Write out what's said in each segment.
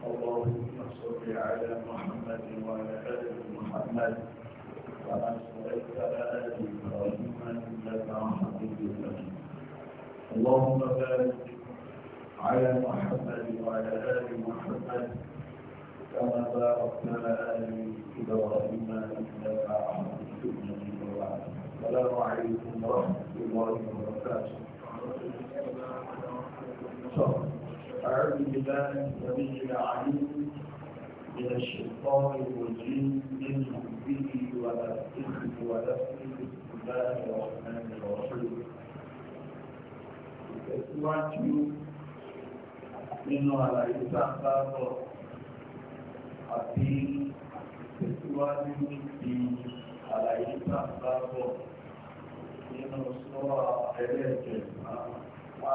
اللهم صل على محمد وعلى آل محمد كما صليت على آل إبراهيم إنك حميد مجيد اللهم بارك على محمد وعلى آل محمد كما باركت على آل إبراهيم إنك حميد مجيد السلام عليكم ورحمة الله وبركاته. أعوذ بالله السميع العليم من الشيطان الرجيم من حبه ونفسه ونفسه بسم الله الرحمن الرحيم Tẹ̀síwájú nínú àlàyé sáàbọ̀ àti tẹ̀síwájú níbi àlàyé sáàbọ̀ nínú sọ́ọ̀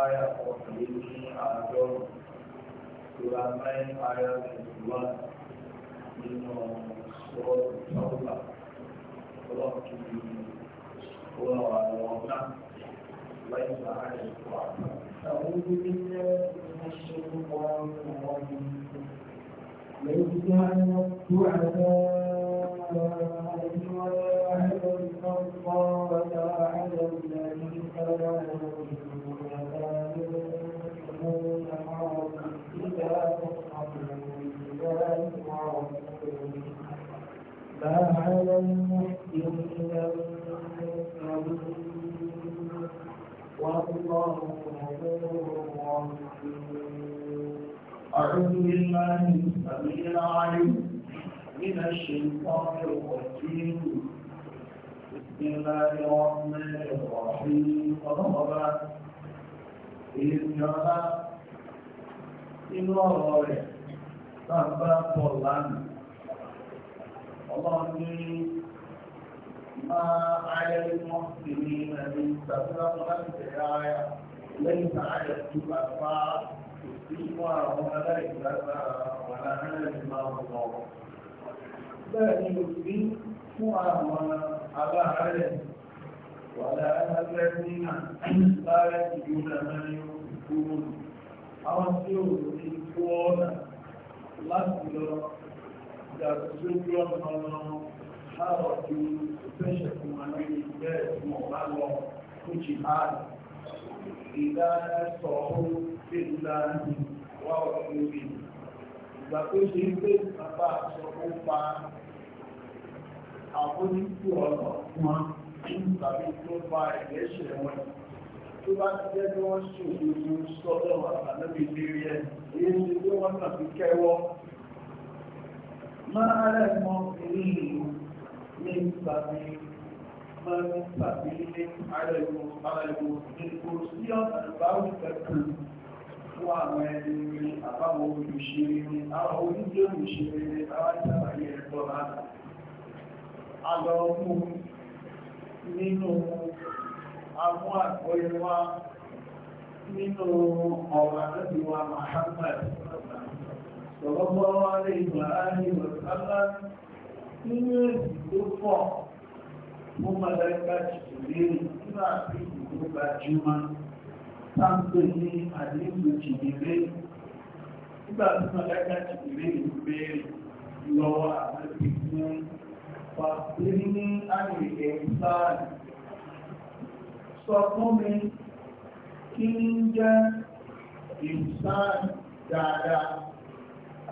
aya ọ̀kùnrin ní àádọ́rùn ìrà nine aya twenty one nínú sọ́ọ̀tù tọ́lá ọlọ́ọ̀kì ọlọ́ àwọn náà láì bá àyè wà. أعوذ بالله من الشيطان الرجيم ليس أن الدعاء ولا على الأرض ولا على الذين لا يؤمنون فعلى المحسنين المنكرين والله غفور أعوذ بالله السميع العليم من الشيطان الرجيم بسم الله الرحمن الرحيم رغبا إذ يرى إن الله رغبا بابا اللهم ما على المحسنين من سبب الدعاية ليس على الكفار استثمار ولا إبلاء ولا على الله بل يسلم هو على علم ولا الذين لا يجدون من يمسكون أو يمسكون لكن that children know how to special community get more and more which is hard. Ìdá sọ̀rọ̀ ìlà wà òkúrì. Ìgbà tó ṣe ń pè bàbá sọ ó pa àbójútó ọ̀nà wọn tàbí tó bá ẹ̀lẹ́ṣẹ̀ wọn. Tó bá ti jẹ́ bí wọ́n ṣòdodo sọ́dọ̀ àtàlẹ́bí lérí ẹ̀, èyí ṣe wọ́n tàbí kẹ́wọ́ ما على المؤمنين من سبيل ما من سبيل على المؤمنين كرسيا الباوي تكون وعمل من أقامه المشيرين أو يجي المشيرين أو يتبعي القرآن على أمور nínú àwọn àgbóyẹwà nínú ọ̀rọ̀ àdẹ́bíwà Muhammad صلى الله عليه وآله وسلم nínú èsì tó pọ̀ mú mọ̀lẹ́gbà jùlọ lérí nínú àti ìlú gbajúmọ̀ sáńpé ní àdéhùn jìnnìlé nígbà tí mọ̀lẹ́gbà jìnnìlé ń béèrè lọ́wọ́ àmọ́bí fún pàṣẹ ní àyẹ̀kẹ́ sáàrì sọ fún mi kí ń jẹ́ ìsáàrì dáadáa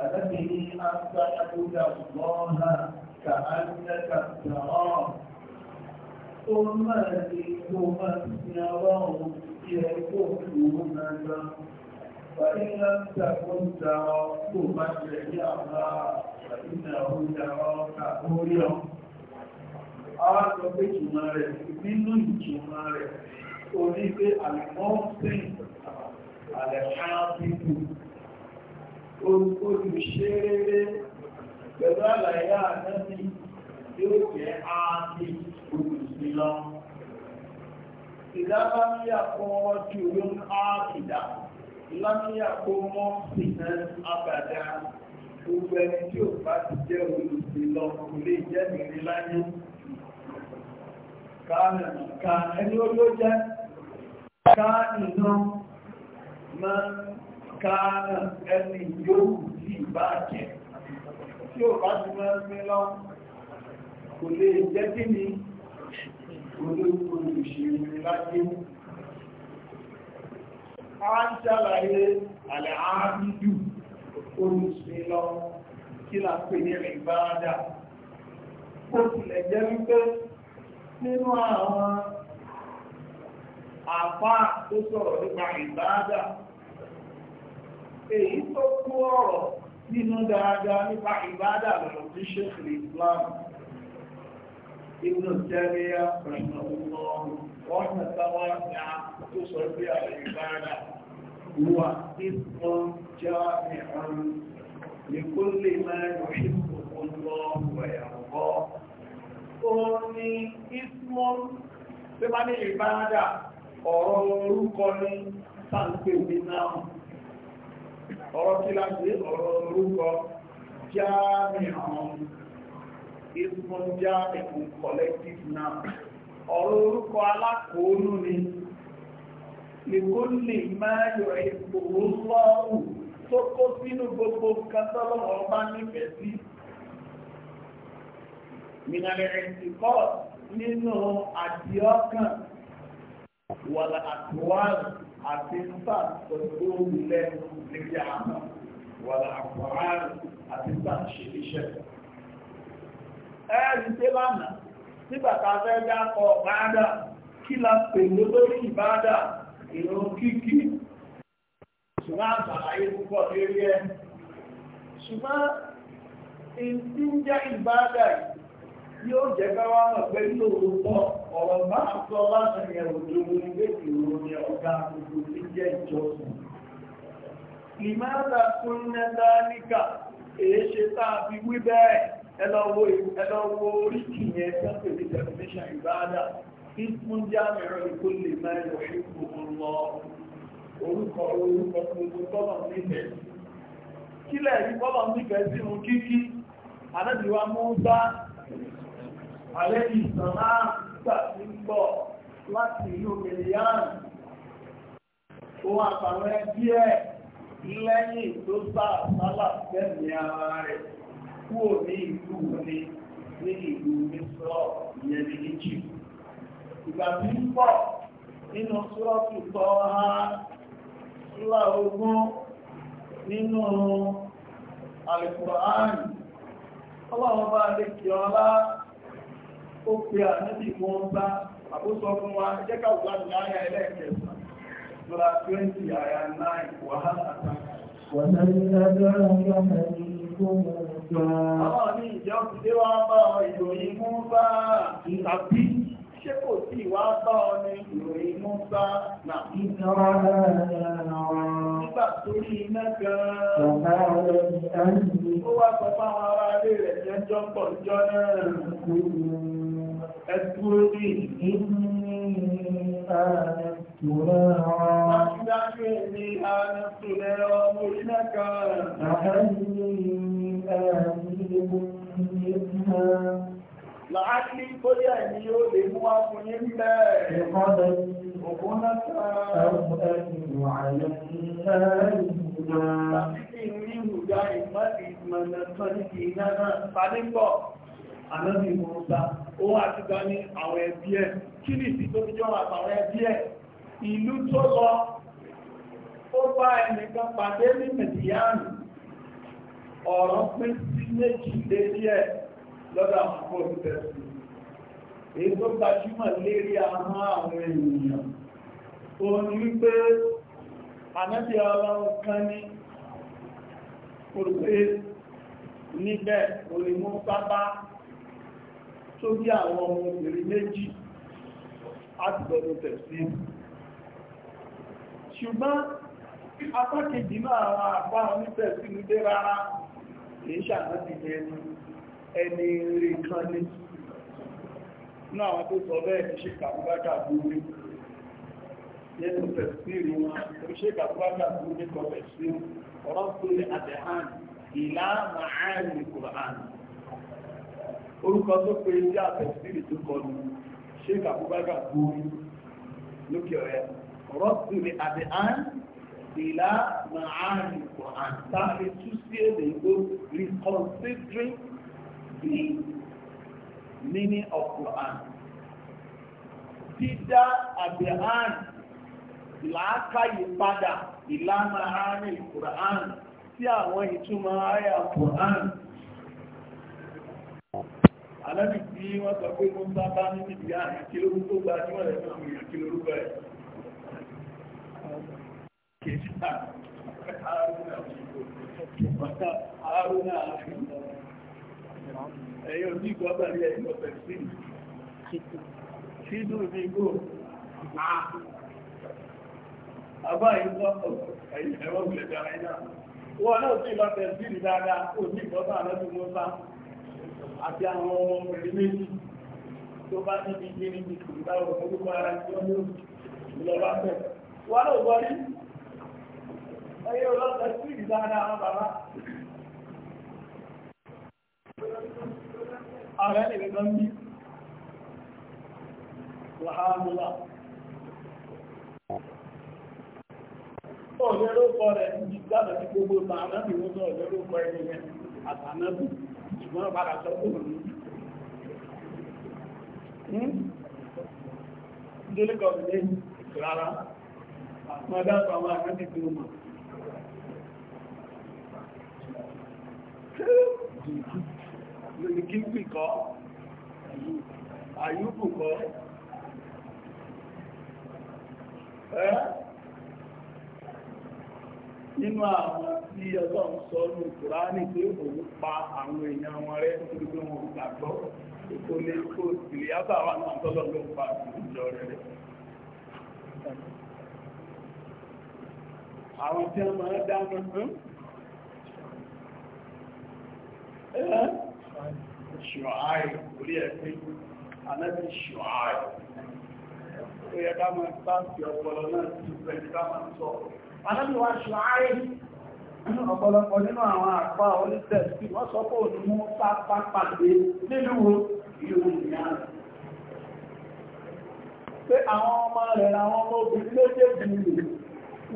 فلبه أن تعبد الله كأنك تراه ثم لتمسره يكفونك فإن لم تكن تراه فمجعها فإنه يراك هو Àwọn ìtumọ̀ rẹ̀ nínú ìtumọ̀ rẹ̀ orí pé àlẹ́mọ́ sí àlẹ́mọ́ sí olùṣe rere pẹ̀lú àlàyé àtẹ́sí yóò jẹ́ ààbí olùsí lọ. Ìdábá ní àpò ọjọ́ ìlú ààbìdá, láti àpò mọ́ ìná àbàdá, gbogbo ẹni tí ò bá ti jẹ́ olùsí lọ kò lè jẹ́ mìírí láyé. Ká ẹni ó ló jẹ́, ká ìná máa káàrà ẹni yóò sí ìbá jẹ́ tí ó bá ti máa ń lọ kò lè jẹ́ kí ni olóògbò ìṣèlú láyé a ń ṣàlàyé àlẹ́ àádìdù olùsìnlọ kí là pè ní ìbáradà ó tilẹ̀ jẹ́ wípé nínú àwọn àpá tó sọ̀rọ̀ nípa ìbáradà èyí tó kú ọ̀rọ̀ nínú dáadáa nípa ìbádà lọ́rọ̀ tí ṣéfìlì Islam ibùdó tẹ́lẹ̀yà pẹ̀lú ọmọ ọ̀nà táwọn àgbà tó sọ pé àwọn ìbádà wà nípọn jáàmì ọ̀run ní kó lè máa yọ ìpò ọlọ́ọ̀wọ̀ ẹ̀rọ ó ní ìsmọ́ ọ̀rọ̀ kíláàsì ọ̀rọ̀ orúkọ jáàmì àwọn ìsmọ̀n jáàmì fún collective noun ọ̀rọ̀ orúkọ alákòónú ni lèkólè máa yọ ìpòrò lọ́rù tó kó sínú gbogbo kátọ́lọ́wọ́ bá nífẹ̀ẹ́ sí mìnàlẹ̀rẹ̀ ìsìnkọ́ nínú àdíọ́kàn wàlà àtúwárù àti nípa pẹ̀lú òwú lẹ́nu níbi àmọ́ wàlà àkùrán àti nípa ṣèlíṣẹ́. ẹ rí pé lánàá nígbà tá a fẹ́ dákọ̀ báadà kí la pè lórí ìbáadà ìrun kíkí ṣùgbọ́n àṣàlàyé púpọ̀ lórí ẹ̀ ṣùgbọ́n ìdí ń yìí yóò jẹ́ káwá mọ̀ pé lóòótọ́ ọ̀rọ̀ máa sọ láti yẹn òjòwò ilé ìrò ní ọ̀gá gbogbo tí jẹ́ ìjọsìn. ìmáàdà kún nẹ́ta níkà èé ṣe táà fi wí bẹ́ẹ̀ ẹlọ́wọ́ oríkì yẹn sọ́pẹ̀ ní definition ìbáadà ìfún jámẹ̀rọ ikú lè máa yọ ikú lọ orúkọ orúkọ gbogbo tọ́lọ̀ nífẹ̀ẹ́ kílẹ̀ ìfọ́lọ̀ nífẹ̀ẹ́ sínú kíkí anábìwá mú bá alẹ́ ìsànlá gbà tí ń bọ̀ láti ìlú mìíràn òun àtàwọn ẹbí ẹ̀ lẹ́yìn tó bá àsálà fẹ́mi ara rẹ̀ kúrò ní ìlú ní ní ìlú mísọ́ ìyẹn ní egypt ìgbà tí ń bọ̀ nínú súrọ́tù tọ́ ha súrà ogún nínú Al-Qur'an ọlọ́run bá lè kí ọlá ó pe àníbì wọn bá àkóso fún wa jẹ́ká òwúrọ̀ náírà ẹlẹ́ẹ̀kẹsàn lọ́la 20 àyà 9 wàhálà àtàkà. Àwọn ní ìjọ́ ti dé wá bá ṣé kò sí ìwà bá ọ ní ìròyìn mú bá nà. ìjọba nígbà tó rí iná gan-an. ó wá sọ fáwọn ará ilé rẹ̀ jẹ́ jọ́pọ̀ jọ náà. ẹ dúró ní ìlú Dájúdájú èmi àrẹ́sùlẹ̀ ọmọ iná kan. Àhẹ́ ni àrẹ́ ìgbòmí ẹ̀kùn. Láàárín bóyá ẹni yóò lè mú wá fún yín bẹ́ẹ̀. Ìkọ́dọ̀ òkun náà sáà ẹ̀yìn àyẹ̀ Àlọ́bí Mọ́ta, ó wà ti gbá ní àwọn ẹbí ẹ̀, kí ní ìsìn tó fi jọ́ àtàwọn ẹbí ẹ̀, ìlú tó lọ, ó bá ẹnìkan pàdé ní Mẹ̀díyàn, ọ̀rọ̀ pín sí méjì lé díẹ̀, lọ́dọ̀ àwọn akọ́ọ̀tù tẹ̀sí èyí tó gbajúmọ̀ lérí àwọn àwọn ènìyàn ó ní wípé ànábì ọlọ́run kan ní olùgbé níbẹ̀ olùmú sábá tó bí àwọn ọmọ obìnrin méjì láti gbọ́dọ̀ tẹ̀sí ṣùgbọ́n apákejì náà àwọn àbá onítẹ̀sí ní dé rárá kìí ṣàtàkì ẹni ẹni rí kan ní náà tó sọ bẹ́ẹ̀ ní ṣíkà wọn ọ̀rọ̀ tó lè ìlà màáàrin kùrán orúkọ tó pé tó lókè a the meaning of Quran. Dídá àbẹ̀hán làákàyè padà ìlànà àárín Quran sí àwọn ìtumọ̀ àyà Quran. Àlẹ́bì tí wọ́n sọ pé wọ́n bá bá nínú ìyá àkílórú tó gba ní wọ́n lẹ́nu àwọn àkílórú bẹ̀rẹ̀. Kèjì náà, àárúnà àfihàn. ẹ̀yọ́ ní ìgbọ́gbà ní ẹ̀yìn ọ̀pẹ̀ sí ṣídù ní igbó àbá ìgbọ́ ẹ̀yìn ẹ̀rọ na ẹ̀yà wọ́n náà sí ìlọ́pẹ̀ sí ìrì dáadáa kò ní ìgbọ́gbà lọ́dún mọ́sá àti àwọn ọmọ obìnrin ààrẹ nìkan bí wàhálà ọ̀lẹ́rọ̀ kọ rẹ̀ ní gbádà ní gbogbo tààrà ní wọ́n tó ọ̀lẹ́rọ̀ kọ ẹni rẹ̀ àtànàbù ìgbọ́n padà sọ́kùn ní hmm? ìdílẹ́kọ̀ọ́ ilé rárá àtúnmọ̀dáàtọ̀ àwọn mọ̀ Zìlìkígbì kọ́, Àyúbù kọ́, ẹ́ nínú àwọn tí ọlọ́run sọ ní Kùránì pé òun pa àwọn èèyàn wọn rẹ̀ nítorí pé wọn gbàgbọ́ kò lè kó ìlẹ̀ àbá wà náà tọ́lọ̀ ló pa ìjọ rẹ̀. Àwọn tí wọ́n máa dáná fún. Ẹ́ ṣùháì orí ẹ̀pẹ́ anábì ṣùháì ó yẹ ká mọ̀ bá fi ọpọlọ náà sí ìpẹ́lú ká mọ̀ sọ anábì wa ṣùháì ọ̀pọ̀lọpọ̀ nínú àwọn àpá oníṣẹ́sì wọ́n sọ pé òní mú pápá pàdé nílùú ìlú ìyá pé àwọn ọmọ rẹ̀ àwọn ọmọ obìnrin méjèèjì nìyí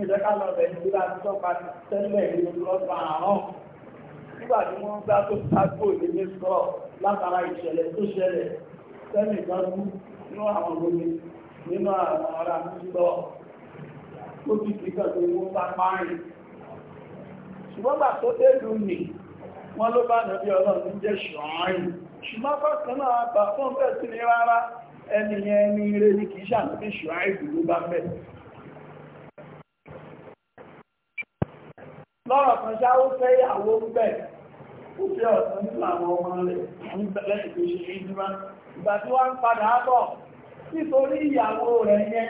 ìjẹ́ká lọ rẹ̀ ìdílá tọ́pa tẹ́lẹ̀ ìlú lọ́pàá nígbà tí wọ́n gbá tó tágbò ní mẹ́sọ́ látara ìṣẹ̀lẹ̀ tó ṣẹlẹ̀ sẹ́mì kan kú nínú àwọn gbogbo nínú àwọn ará mẹ́sọ́ ó ti fi kan tó wọ́n bá párin ṣùgbọ́n gbà tó dédú nì wọ́n ló bá nàbí ọlọ́run jẹ́ ṣọ́rin ṣùgbọ́n fọ́sán náà bà fún bẹ́ẹ̀ sí ni rárá ẹni yẹn ní ire ní kìí ṣàtúnṣe ṣọ́rin ìlú bá bẹ́ẹ̀ lọ́rọ̀ kan ṣá ó fẹ́ ìyàwó ń bẹ̀ ó fẹ́ ọ̀sán nínú àwọn ọmọ rẹ̀ ń bẹ̀rẹ̀ ìgbésẹ̀ ìjọba ìgbà tí wọ́n ń padà bọ̀ nítorí ìyàwó rẹ̀ yẹn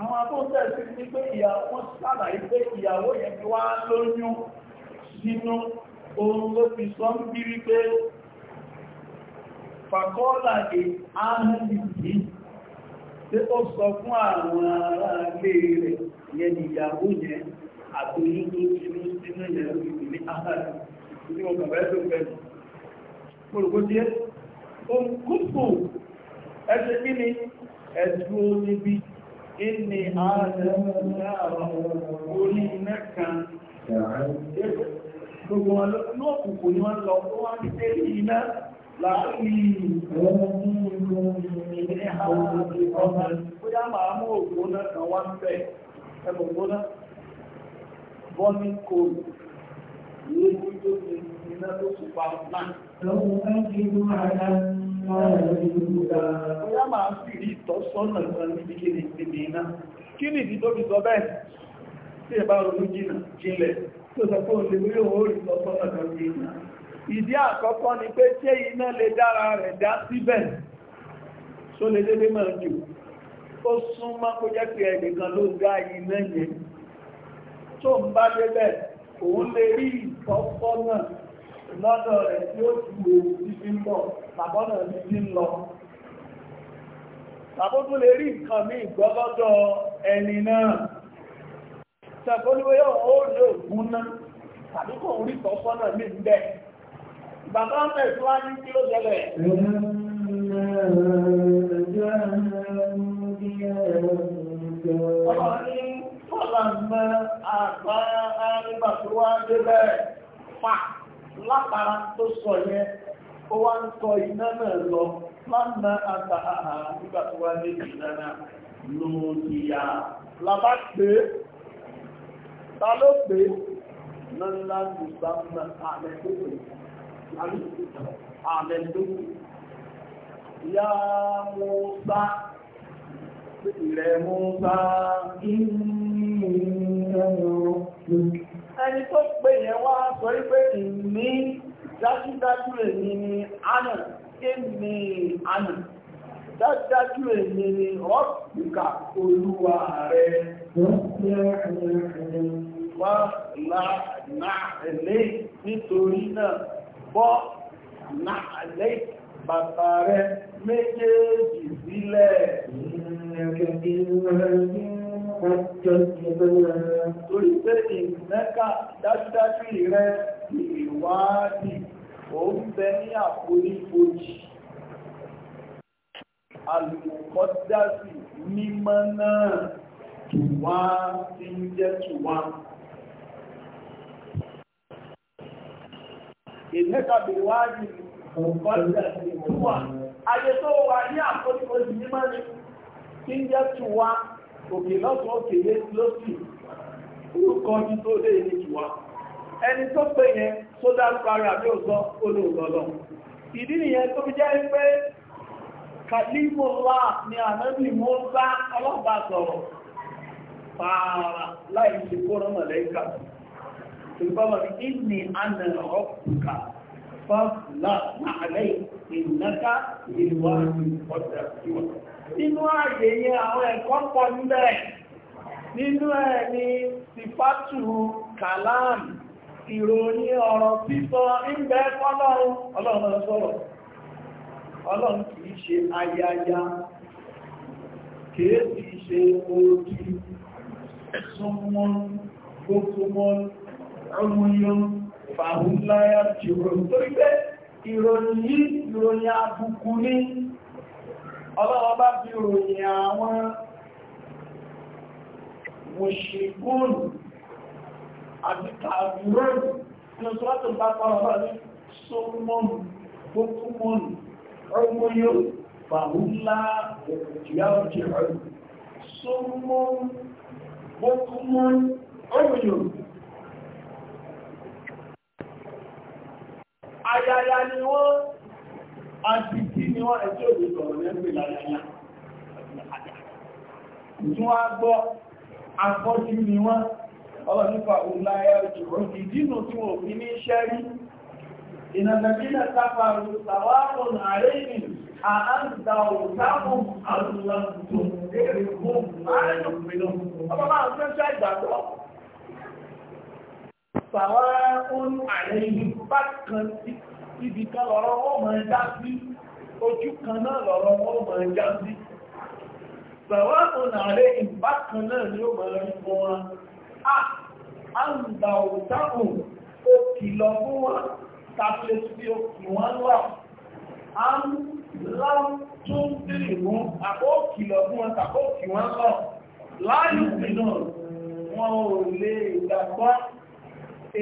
àwọn akóńtẹ̀ sí ní pé ìyàwó sábàá pé ìyàwó yẹn ti wá lóyún sínú ohun ló fi sọ ń bí wípé fàkọ́ọ̀lá lè áhùnlìdí tí ó sọ fún àwọn ará ilé rẹ̀ yẹn ìyàwó yẹn àtòyí tó ṣúrú sínú ìyẹn ló fi ní áhàdì tí wọn kàbẹ́ tó fẹ́ jù mo rò kó díẹ̀ ohun kúkú ẹsẹ̀ kí ni ẹ̀dùn oníbi ìní ààrẹ orí iná kan gbogbo wọn ló kùkù ni wọn lọ wọn á ti dé iná láàrin ọdún ìrìn àwọn ọmọ ìgbọ́n bóyá màá mú òkú náà kan wá ń bẹ̀ ẹ̀bùn gbóná bọ́ní kòrò lórí tó ti iná tó ti pa náà. Lọ́wọ́ ẹ́ kí ló máa dá máa rẹ̀ lórí ìgbà. Ó yá máa fi rí ìtọ́sọ́nà kan níbi kí ni ìsinmi iná. Kí ni ìdí tó fi sọ bẹ́ẹ̀? Tí ẹ bá ronú jìnà jinlẹ̀ tó sọ pé òun lè wí òun ó rí ìtọ́sọ́nà kan sí iná. Ìdí àkọ́kọ́ ni pé ṣé iná lè dára rẹ̀ dá síbẹ̀? Ṣó lè dédé máa jù? Ó súnmọ́ kó jẹ́ pé ẹnìkan ló dá iná yẹn tó ń bá débẹ̀ òun lè rí ìtọ́sọ́nà lọ́dọ̀ rẹ̀ tí ó ti wò títí ń bọ̀ tàbọ́nà títí ń lọ. Tàbó tún lè rí nǹkan ní ìgbọ́lọ́dọ̀ ẹni náà. Tẹ̀kọ́lúwé yóò ó lè gún ná tàbí kò rí ìtọ́sọ́nà mí ń bẹ̀. Bàbá ń bẹ̀ síwájú kí ló ṣẹlẹ̀. Ọlọ́run Fọ́làmọ́ àgbà àríbà tó wá débẹ̀ fà látara tó sọ yẹn, ó wá ń kọ iná náà lọ, fọ́làmọ́ àgbà àríbà tó wá débẹ̀ iná náà lòdìyà. pé, ta ló pé, lọ́lá mùsàmọ́ àlẹ́dókò. Àlẹ́dókò. Ya Musa. Ìrẹ̀ Mùsá ẹni tó pè yẹn wá sọ wípé ìní dájúdájú èmi ni ànà kémi ànà dájúdájú èmi ni ọ́pùkà olúwa rẹ̀ wá láàrẹ̀ nítorí náà bọ́ láàrẹ̀ bàbá rẹ̀ méjèèjì sílẹ̀ ìrìnàjò torí pé ìmẹ́ka dájúdájú rẹ̀ ìwádìí ó ń bẹ ní àforífojì alùmọ̀kọ́dásì mímọ́ náà tùwá tí ń jẹ́ tùwá ìmẹ́ka bí wáyìí ọ̀kọ́dásì tùwá ayé tó wà ní àforífojì mímọ́ ni kí ń jẹ́ tùwá òkè lọ́sùn òkè lé lósì orúkọ ní tó lé ní tùwá ẹni tó pè yẹn tó dárúkọ ara àbí òsọ olóòlọ́lọ́ ìdí nìyẹn tó fi jẹ́ pé kàlímọ́lá ni ànábì mọ́sá ọlọ́pàá sọ̀rọ̀ pààrà láì ṣe kóró mọ̀lẹ́kà ìgbọ́mọ̀ ní ìní ànà ọ̀pùkà fọ́ọ̀lá àlẹ́ ìnáká nínú ààyè àwọn ẹ̀kọ́ pọ̀ níbẹ̀ nínú ẹ̀ ni sifatu kalam ìròyìn ọ̀rọ̀ sísọ ìgbẹ́ fọ́lọ́run ọlọ́run sọ́rọ̀ ọlọ́run kìí ṣe ayaya kìí ṣe orí súnmọ́n ọlọ́wọ́ bá fi ròyìn àwọn mùṣìkúnù àti kàbírònù ní ọ̀sọ́lọ́tò bá kọ́rọ̀ bá ní sọ́mọ́nù gbókúmọ́nù ọgbóyò fàúnlá ìyá ayaya ni wọ́n àtìkí ni wọ́n ẹjọ́ òbí sọ̀rọ̀ lẹ́gbẹ̀ láyáyá ìtún wá gbọ́ afọ́jú ni wọ́n ọlọ́ nípa òláyá ìjọ̀rọ̀ ìdínú tí wọ́n fi ní iṣẹ́ rí ìnàdàbílà sáfàrù tàwárùn àrẹ́yìn àáńdà òtáhùn àrùlàntùn èrè fún ààrùn pẹ̀lú ọmọ máa ń fẹ́ ṣá ìgbàgbọ́ tàwárùn àrẹ́yìn bákan ibi kan lọ́rọ̀ wọ́n mọ̀ já sí ojú kan náà lọ́rọ̀ wọ́n mọ̀ já sí sọ̀wọ́ ọ̀nà àrẹ ìbákan náà ni ó mọ̀ lọ fún wọn a ń gbà òtáhùn ó kìlọ̀ fún wọn tàbílẹ̀ sí òkì wọn wà a ń láwọn tó ń dìrì wọn àbó kìlọ̀ fún wọn tàbó wọn lọ láyé ìpínà wọn ò lè gbàgbọ́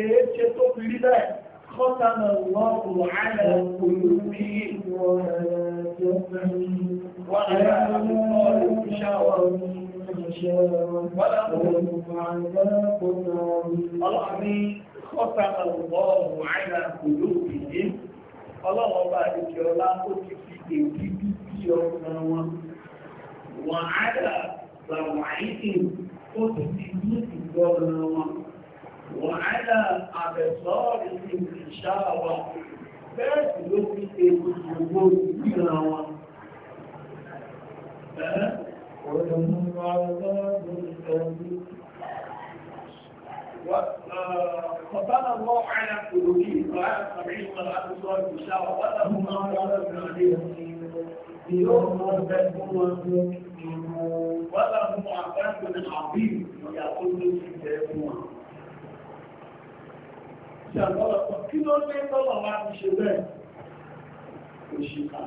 èé ṣe tó fi rí bẹ́ẹ̀ ختم الله على قلوبهم وعلى أبصارهم شرا ولهم عذاب عظيم ختم الله على قلوبهم ọlọ́run ọba àdìkì ọlá ó ti fi èdè bíbí ọkàn wọn wàhálà bàwáìdì ó ti fi ní ìgbọ́ràn wọn وعلى أبصارهم غشاوة bẹ́ẹ̀ sì الوجود fi ṣe gbogbo ìgbìyàn الله على قلوبهم وعلى سمعهم وعلى أبصارهم ولهم عذاب عليهم ولهم عذاب عظيم يقول في كتابهم àti àlọ́lọ́pọ̀ kí ló dé tọ́lọ̀ wá ti ṣe bẹ́ẹ̀ òṣìkà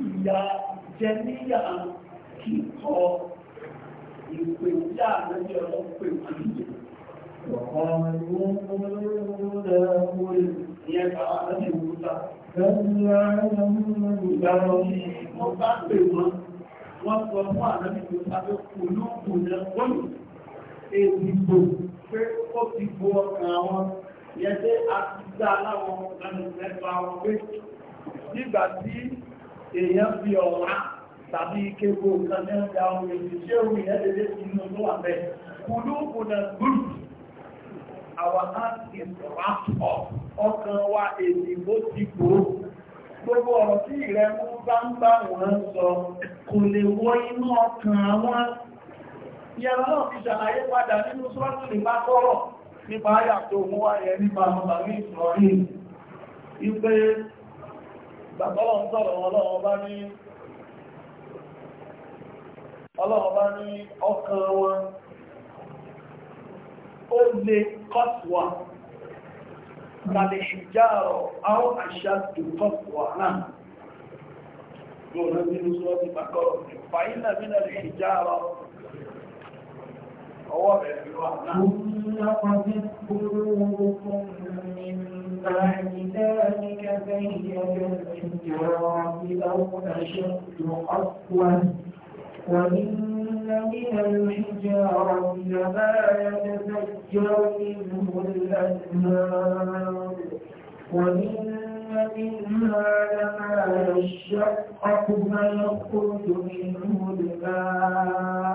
ìyà jẹ níyà kíkọ ìpèjà lẹ́yìn ọlọ́pẹ̀ ìpàdé Wọ́n sọ fún àdájú ìgbòsáfẹ́ kò lóòkùn náà wọ́n èdìgbò pé ó ti bo ọkàn àwọn yẹn pé a ti dá aláwọ̀ lẹ́nu mẹ́fà wọn pé nígbà tí èèyàn fi ọ̀rá tàbí ike bo nǹkan ní ọjà ohun èdè ṣé ohun ìyẹn lè lé sí inú tó wà bẹ́ẹ̀ kùlùkù náà gbùrù our heart is wrapped up ọkàn wa èdè bó ti gbòó gbogbo ọ̀rọ̀ tí ìrẹ́mú bá ń bá wọn sọ kò lè wọ inú ọkàn wọn ìyẹ̀rọ náà fi ṣàlàyé padà nínú sọ́ọ̀tù nípa kọ́rọ̀ nípa ayà mú wáyé nípa ọmọbà ní ìsọ̀rí ipé gbàgbọ́lọ̀ ń sọ̀rọ̀ ọlọ́wọ́ ní ní ọkàn wọn ó lè kọ́sùwà kàlẹ̀ ìjárọ̀ àwọn àṣà tó kọ́sùwà náà Gbọ́nà ọwọ́ rẹ̀ ló wà náà. Wọ́n ti kúrò fún mi máa ní dáríkà bẹ́yẹ̀ ìjọba ìlọ́wọ́ ẹ̀ṣẹ́ ìrọ̀kọ́wà. وإن من الحجارة لما يتفجر منه الأنهار وإن منها لما يشقق فيخرج منه الماء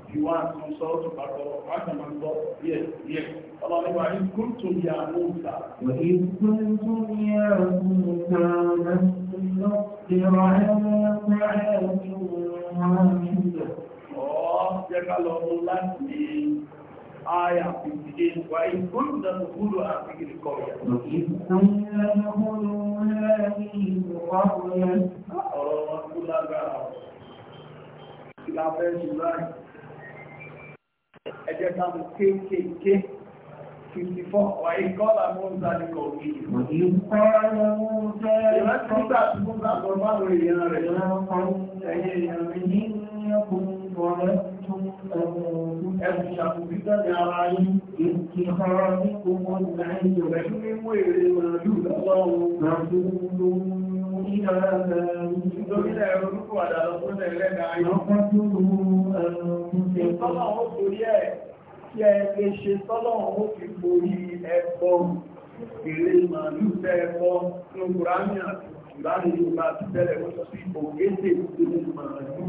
you want some sort of alcohol, I can go, yes, yes. Allah wa in kuntum ya Musa. Wa in kuntum ya Musa nasbir ala ta'atin wahida. Oh, jẹ́ ká lọ mú láti آية في الدين وإن كنا نقول هذه القرية وإن كنا نقول هذه القرية أرى رسول الله إلى بيت الله ẹjẹ́ ká mú kéékèèké 54 wà ní kọ́lá mọ́sá ní kọ̀wé ìrántí nígbà tí mo bá lọ bá lọ èèyàn rẹ̀ ẹ̀yẹ èèyàn mi ní ọkùnrin kọ̀ọ̀rẹ́ tó ń ẹ̀bù ṣàkùnfíkà ní ara yìí ìkìkọrọ ní kòmọ̀ láàrin rẹ̀ mímú èrè màálù lọ́wọ́ ràdúrú ìrànlẹ̀ ìdókílẹ̀ orúkọ àdàlọ́pọ̀lẹ̀ ẹlẹ́gà ayọ́pọ̀dúrú ẹ̀rùn Ìgbàlẹ̀ Yorùbá ti tẹ́lẹ̀ wọ́n sọ sí ìbò gẹ́gẹ́ ìgbèlè màálù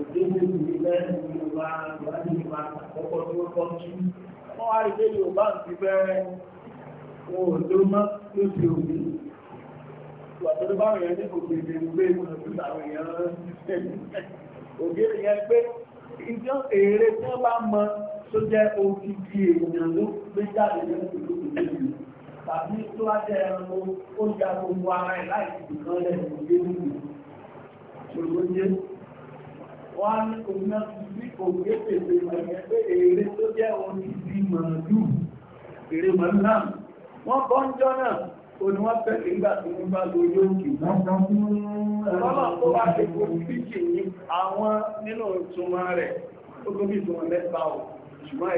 òdébé ìlú lẹ́nu yorùbá ìwádìí yorùbá àkọ́kọ́ tí wọ́n kọ́ tú wọ́n wá rí pé yorùbá ti bẹ́ẹ̀ wọn ò ló mọ́ lóbi òbí wàtọ́lú bá rẹ̀ ní òkèèrè ìgbé ìmọ̀lẹ́sí àwọn èèyàn ògèrè yẹn pé ìjọ èrè tí wọ́n bá mọ tó jẹ́ odidi èèyàn ló gbé jáde ní ìlú òkèèrè tàbí tó wá jẹ́ ẹranko ó ya gbogbo ara ẹ̀ láì ìdùnnà lẹ̀ ògèrè ìlú wọ́n á ní oná sí òkè pèsè ìmọ̀lẹ́ pé èrè tó jẹ́ òun ti mọ̀lú èrè mọ̀lú náà wọ́n bọ́ ń jọ náà o ni wọ́n fẹ́ nígbà tí wọ́n bá lo yóò kì lọ́nà tó bá ṣe kò fíjì ní àwọn nínú ìtumọ̀ rẹ̀ ó tó bí ìtumọ̀ lẹ́ta ò ṣùgbọ́n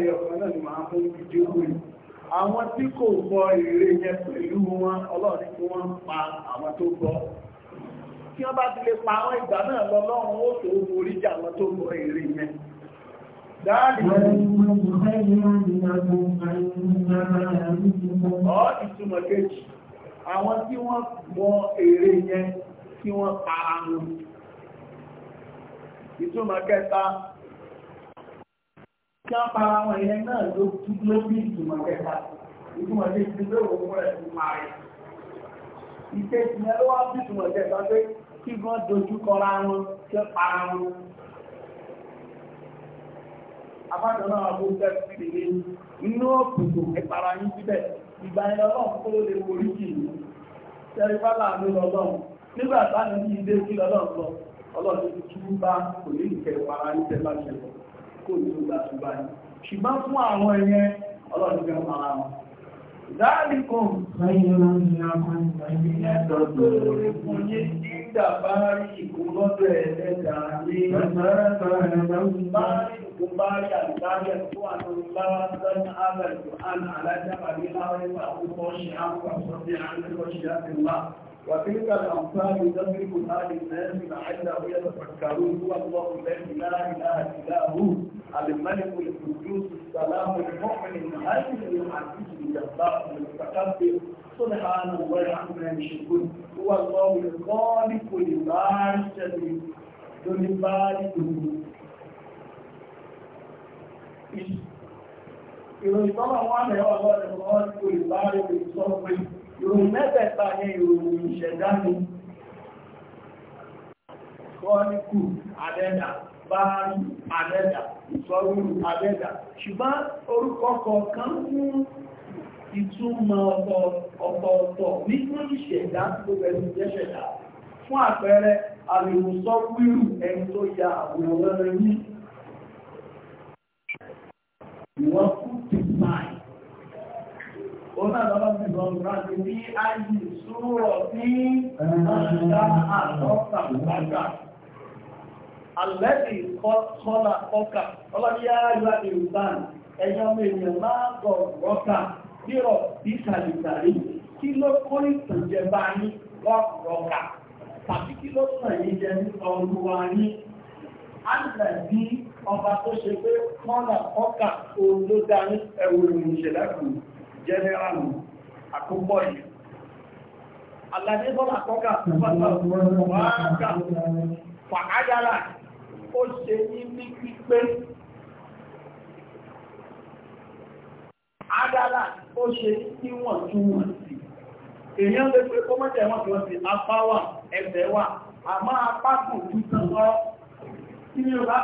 ẹ̀yọ̀ tí wọ́n bá ti lè pa àwọn ìgbà náà lọ lọ́run ó tó orí jà lọ tó mọ èrè yẹn Ọ́ ìtumọ̀ kejì, àwọn tí wọ́n mọ èrè yẹn tí wọ́n para wọn. Ìtumọ̀ kẹta, kí wọ́n para wọn yẹn náà ló bí ìtumọ̀ kẹta. Ìtumọ̀ kejì ló wọ́n mú ẹ̀ tí wọ́n dojú kọra wọn tí ó para wọn. náà ló fẹ́ sí ilé inú òkùnkùn ìpara yín síbẹ̀. Ìgbà yẹn ọlọ́run kó lè borí jì ní. Ṣẹ́rí lọ́lọ́run. Nígbà ní ilé sí lọ́lọ́run lọ, ọlọ́run ti bá kò ní ìpara yín tẹ́ bá ní gbà bá yín. Ṣùgbọ́n fún àwọn nígbà bá rí ìkún lọ́dọ̀ ẹ̀ẹ́dẹ́ta ní mẹ́rin bá rí àgbáyẹ̀ tó àtọ́lọ́wọ́ sẹ́yìn àbẹ̀tò àn alájábàbí láwẹ́ pàkúkọ́ ṣe àwọn àṣọ́bí àríkọ́ ṣe láti wá وتلك الأمثال يضربها للناس لعلهم يتفكرون هو الله الذي لا إله إلا هو الملك القدوس السلام المؤمن المهيمن العزيز الجبار المتكبر سبحانه وتعالى يشركون هو الله الخالق لما يشتري لما ìròyìn tó máa wọ́n mẹ́wàá lọ́dẹ̀ wọ́n kò ìbáre lè sọ pé ìròyìn mẹ́tẹ̀ẹ̀ta ní ìròyìn ìṣẹ̀dá ni kọ́níkù ìtumọ̀ ọ̀tọ̀ọ̀tọ̀ nínú ìṣẹ̀dá tó pẹ̀lú jẹ́ ṣẹ̀dá fún àpẹẹrẹ àrìwòsọ́ wíru ẹni tó ya àwòrán rẹ̀ ní ìwọ̀n fún design ọ̀nà lọ́wọ́ ti lọ rájú ní àyí sóòrọ̀ ní ọ̀dá àtọ́ta lágbà alẹ́bì kọ́lá ọkà ọlọ́dí yára ìwádìí ìrùbán ẹ̀yọ́ mẹ́rin máa gọ̀ rọ́kà dírọ̀ bí kàlìkàlì kí ló kó ìtànjẹba ní lọ́rọ̀ọ̀kà tàbí kí ló tàn yí jẹ ní ọlúwa ní àgbàdí ọba tó ṣe pé mọ́nà ọkà òun ló dá ní ẹ̀wù ìrìn ìṣẹ̀lẹ̀kù jẹ́nẹ́ràlù àkópọ̀ yìí Àlàdé bọ́lá kọ́kà fún pàtàkì wọ́n adala ó ṣe tí wọ́n tún wọ́n sí èyàn lè pé kó mọ́tẹ̀ wọ́n tí wọ́n sí apá wà ẹsẹ̀ wà àmọ́ apákùn tuntun lọ tí ní ọba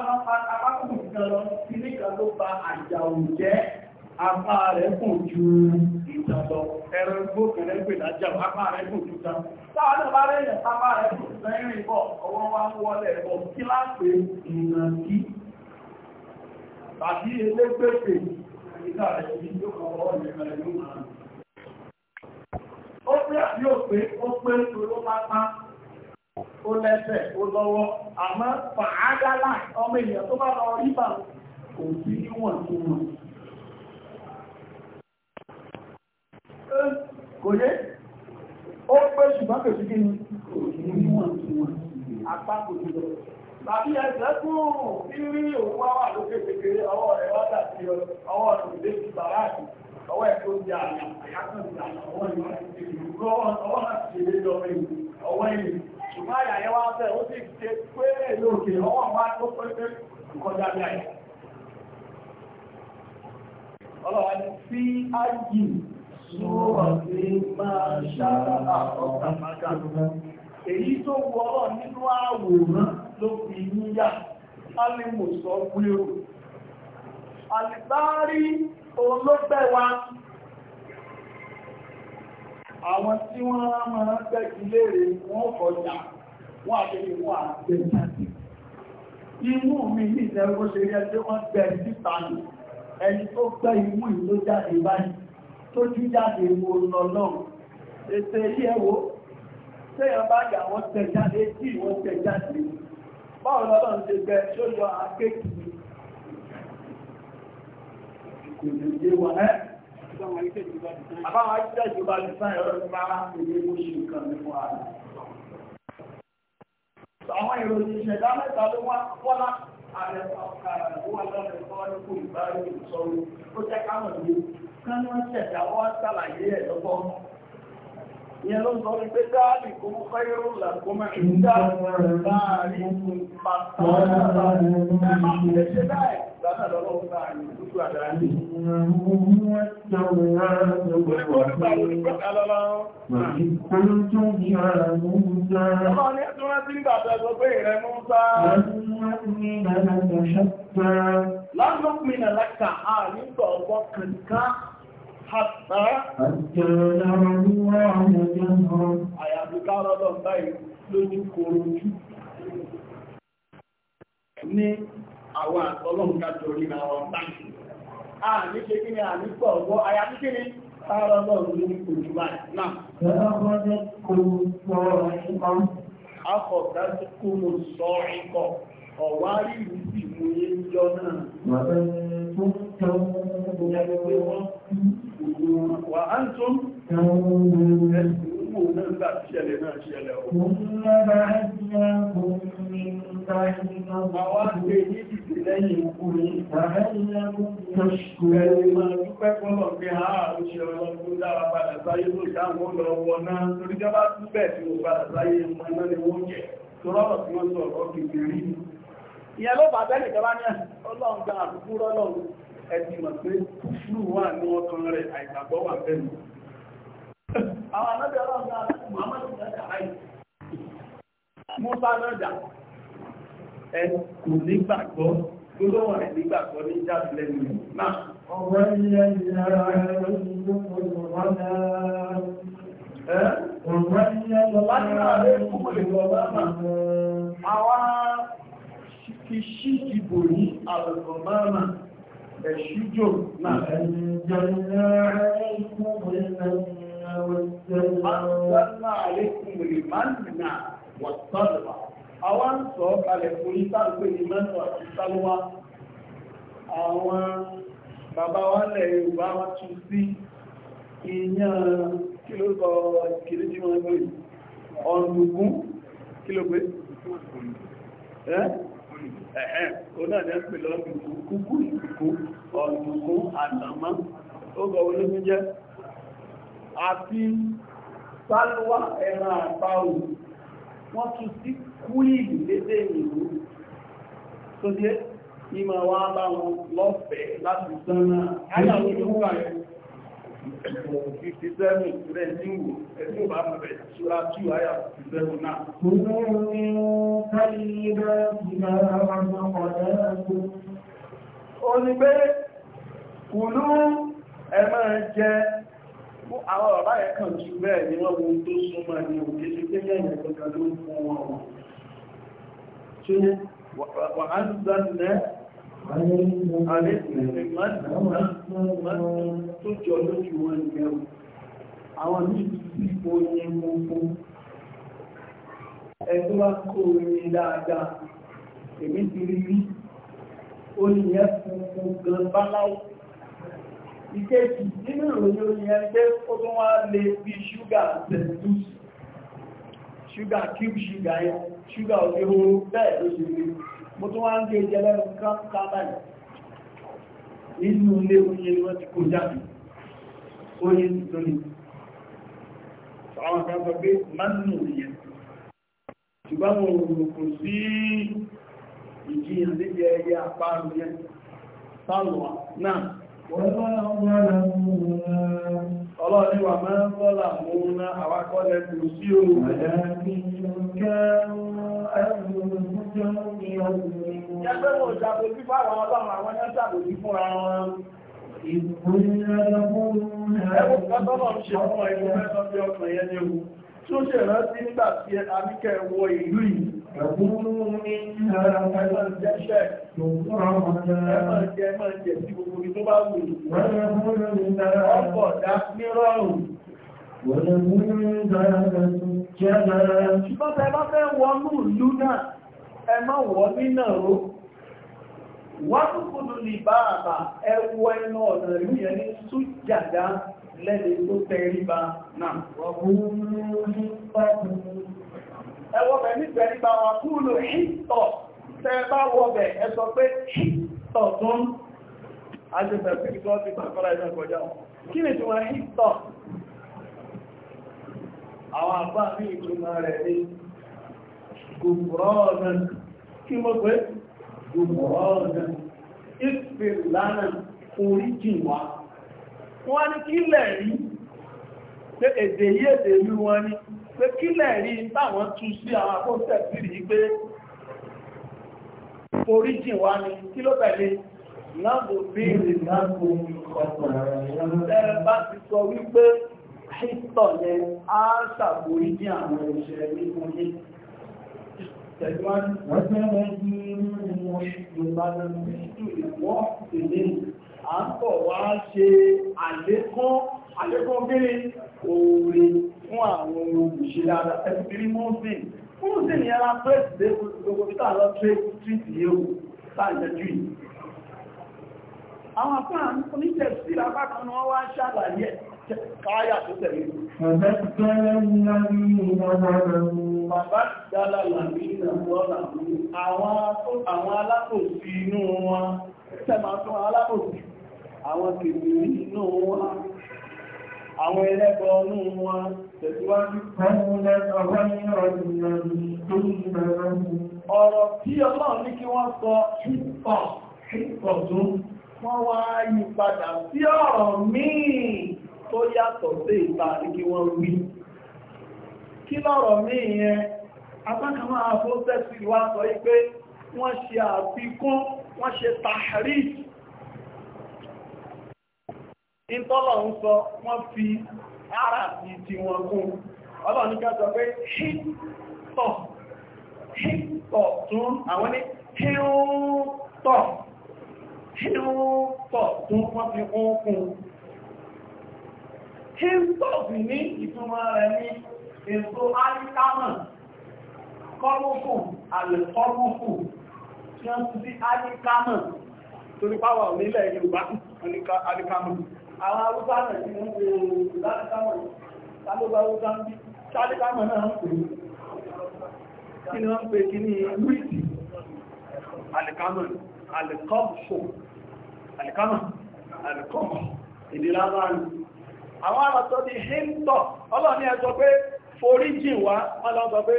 apákùn tuntun lọ tí ní kan ló ba àjà òjẹ́ apá rẹ̀ kùn ju ìtàn lọ ẹ̀rọ igbó kẹrẹ pè lájà apá rẹ̀ kùn tuntun táwọn náà bá rẹ̀ yẹn apá rẹ̀ kùn tuntun rìn bọ̀ ọwọ́ wa ń wọlé ọ̀ kí láàpẹ̀ ìrìnàjí tàbí elégbèsè Ó lẹ́sẹ̀, ó lọ́wọ́, àmọ́ fàádálà ọmọ èèyàn tó bá lọ rí bà kò sí níwọ̀n tó mọ̀. Kò yé, ó pé ṣùgbọ́n kò sí kí ni, kò sí níwọ̀n tó mọ̀, apá kò sí lọ tàbí ẹsẹ̀ kúrò rírí òun wá wà lókè kékeré ọwọ́ rẹ̀ wá dàbí ọwọ́ rẹ̀ òde ti bàrá àti ọwọ́ ẹ̀ tó di àyà àyàkọ̀ ìgbà ọwọ́ ìwà ti ṣe ọwọ́ láti ṣe lé lọ́wọ́ ìlú ọwọ́ ìlú ṣùgbọ́n àyà yẹn wá bẹ̀ ó sì ṣe pé lókè ọwọ́ wá tó pé pé kọjá bí àyà. ọlọ́wà ní sí áyì sóòrùn ní máa ṣàrà àwọn ọ̀tàmágà èyí tó wọ ọ́ nínú àwòrán ló fi níyà alìmọ̀sọ̀ wíwò alìbárí olóbẹ̀wá àwọn tí wọ́n máa tẹ́kì léèrè wọ́n kọjá wọ́n àtẹ́kì wọ́n àgbẹ̀jáde imú mi ní ìtẹ́gbó ṣe rẹ̀ tí wọ́n gbẹ̀ síta nì ẹni tó gbẹ́ imú ìlójáde báyìí tó jú wo lọ́lọ́run ètè yẹ́wó tẹ́yàn bá yà wọ́n tẹ̀ jáde wọ́n tẹ̀ jáde báwo lọ́lọ́ ń ṣe bẹ ṣó yọ àwọn ìròyìn ìṣẹ̀dá mẹ́ta ló wá wọ́lá ààrẹ ọ̀kàrà wà lọ́rẹ̀ kọ́ ní kò ìbára ìsọ̀rọ̀ ó jẹ́ káwọn ìlú kánú ṣẹ̀dá wọ́n ṣàlàyé ẹ̀ lọ́gbọ́n ìyẹn ló ń sọ wípé dáàbì kó mú fẹ́rù làkómẹ́ ìdáàbì láàrin Láàrín òmìnà lákàá ní ọ̀pọ̀ kankan hàtà àyàbíká rọ́lọ́ torí na wọn báyìí a ní ṣe kí ni a ní pọ̀ ọgbọ́ àyàbí kí ni sáàrọ̀ lọ́rùn ní ojú báyìí náà Afọ̀dájúkúrò sọ ikọ̀ ọ̀wárí ìlú ìmúyé jọ náà. Wọ́n wà á Ìyẹn ló bàbẹ́ nìkan bá ní ọlọ́run gan àdúgbò rọ́lọ́run ẹ̀dì mọ̀ pé fúrú wà ní ọkàn rẹ̀ àìgbàgbọ́ wà bẹ́nu àwọn anábẹ́ ọlọ́gbà Muhammadu dájà àì Musa náà ẹ kò nígbàgbọ́ gbogbo rẹ̀ nígbàgbọ́ ní jábìlẹ̀ mi náà ọ̀rọ̀ ilẹ̀ ìyára ẹ̀rọ ìgbòkòrò Àwọn kìí ṣí ìbò ní àlùkọ̀ máa máa ẹ̀ṣújò náà. Àjọ̀nà àlékún ìlànà wọ̀tẹ́lá. Àjọ̀nà àlékún ìlànà wọ̀tẹ́lá. Àwọn ń sọ kalẹ̀ fún ìtàgbé ní mẹ́sàn àti sálúwá. Àwọn bàbá wa lẹ̀ Yorùbá wá tún sí ìyàn kílógọ́ kìrì tí wọ́n gbé ọ̀nùgún kílógbé. Ẹ́ ẹ̀hẹ́n onáàdẹ́ pẹ̀lú ọdún kúkú ìkùkú ọ̀dùnkú àtàmá ó gọ̀ olómi jẹ́ àti sálúwà ẹran àpáwò wọ́n tún sí kúìlì lédè ìlú tó jẹ́ ìmọ̀ wọn bá wọn lọ́fẹ̀ẹ́ láti sánà 57 rẹ̀ ní wò ẹni ò bá bẹ̀rẹ̀ ṣúra tí ó ayà 57 náà. Kúrò ní káyí bá pé kùlú ẹ jẹ fún àwọn ọ̀rá ẹ̀ kàn jù bẹ́ẹ̀ ni wọ́n wo tó súnmọ́ ní òkè ṣe pé yẹn ìrìn kan ló fún wọn. Ṣé wàhálà náà Àwọn níbi ipò yẹn mú fún ẹ̀tọ́ bá kó orin dáadáa, èmi ti rí rí, ó ní ẹ funfun gan báláwọ̀. Ìkéjì nínú ìròyìn orin ẹ pé ó tún wá lè bí ṣúgà tẹ̀lú ṣúgà cube ṣúgà ẹ, ṣúgà òjò bẹ́ẹ̀ ló ṣe rí mo tún wá ń gé jẹ lẹ́nu káàkà báyìí inú ilé oúnjẹ ni wọ́n ti kó jáde oyin lórí àwọn kan sọ pé mánú yẹn ṣùgbọ́n mo rò kò Ọlọ́ni wà máa ń sọ́là múná àwákọ́lẹ̀ kò sí òun. Ìjẹ́gbẹ́ mò ṣàbò sí fáwọn ọlọ́run àwọn ẹ̀yán ṣàbò sí fún ara wọn. Ẹ̀wọ̀n kọ́tọ́lọ̀ ń ṣe fún ẹgbẹ́ mẹ́sàn-án bí ọkùnrin ẹni ewu. Tí ó ṣe rántí nígbà Ẹ̀kúrú ní ara ẹ̀lọ́ jẹ́ṣẹ́ ẹ̀mọ̀jẹ́ máa jẹ̀ sí gbogbo ibi tó bá wù. Wọ́n lè mú ní ara ọ̀pọ̀ ní rọrùn. Wọ́n lè mú ní ara ẹ̀sùn jẹ́ lára. Ṣùgbọ́n tẹ bá fẹ́ wọnú ìlú náà, ẹ má wọ nínà ró. Wọ́n tún kúrò ní bàbà ẹwọ ẹnu ọ̀nà ìlú yẹn ní Sújàdá lẹ́ni tó tẹríba náà ẹwọ́ bẹ̀ nígbẹ̀ nígbà wà kúrò hìtọ̀ tẹ́ bá wọ́ bẹ̀ pé hìtọ̀ tún ajẹ́bẹ̀ pé ti pàkọ́lá ẹ̀sẹ̀ kọjá kí ni tí wọ́n hìtọ̀ àwọn àbá ní rẹ̀ ní gùnbùrọ́ọ̀nà pé kílẹ̀ rí táwọn tú sí àwọn àkóńtẹ̀ sí rí pé oríjìn wá ní kí ló tẹ̀lé láàbò bèèrè láàbò bá ti sọ wípé ṣíṣọ̀ lẹ á ṣàbò ìdí àwọn ìṣẹ̀lẹ̀ nínú ní tẹ̀lúwájú lọ́gbẹ̀rẹ̀ ní ìrìnwọ̀n ìgbàlẹ̀ ìjú ìwọ́ ìdílé à ń bọ̀ wá ṣe àlékún àlékún gírí oore fún àwọn olùṣe dáadáa ẹ̀sùnbírí mọ́sìn mọ́sìn ni ẹra pẹ́sìdé gbogbo títà lọ tírìtì yóò sáàjẹjú yìí àwọn afẹ́ oníṣẹ́sí lápákan ni wọ́n wá ṣàlàyé káyà tó tẹ̀lé àwọn alákòsí inú wọn àwọn ẹlẹ́gbọ́ ọmú wọn tẹ̀síwájú. ọ̀rọ̀ tí ọlọ́run ní kí wọ́n sọ hip-hop hip-hop tún wọ́n wá yí padà sí ọ̀rọ̀ míì tó yàtọ̀ sí ìta ní kí wọ́n wí kí lọ́rọ̀ míì yẹn apákamáà fún tẹ́sí wá sọ wípé wọ́n ṣe àfikún wọ́n ṣe tàhírìtì ìtọ́lọ̀ ń sọ wọ́n fi ara sí ti wọn kún ọlọ́run ní ká sọ pé hìtọ̀ hìtọ̀ tún àwọn ní hìrútọ̀ hìrútọ̀ tún wọ́n fi kún kún hìtọ̀ sì ní ìtumọ̀ rẹ̀ ní èso alikámà kọ́lùkù àlẹ̀kọ́lùkù tí wọ́n ti sí alikámà torípáwà onílẹ̀ Yorùbá alikámà àwọn arúgbá náà ti ń wo láti kámọ̀ tálógbà arúgbá ń bí náà ń pè kí ni wọ́n pè kí ní wíìtì alikámọ̀ alikọ́mṣò alikámọ̀ àwọn àmàtọ́ di hìntọ̀ ọlọ́ni sọ pé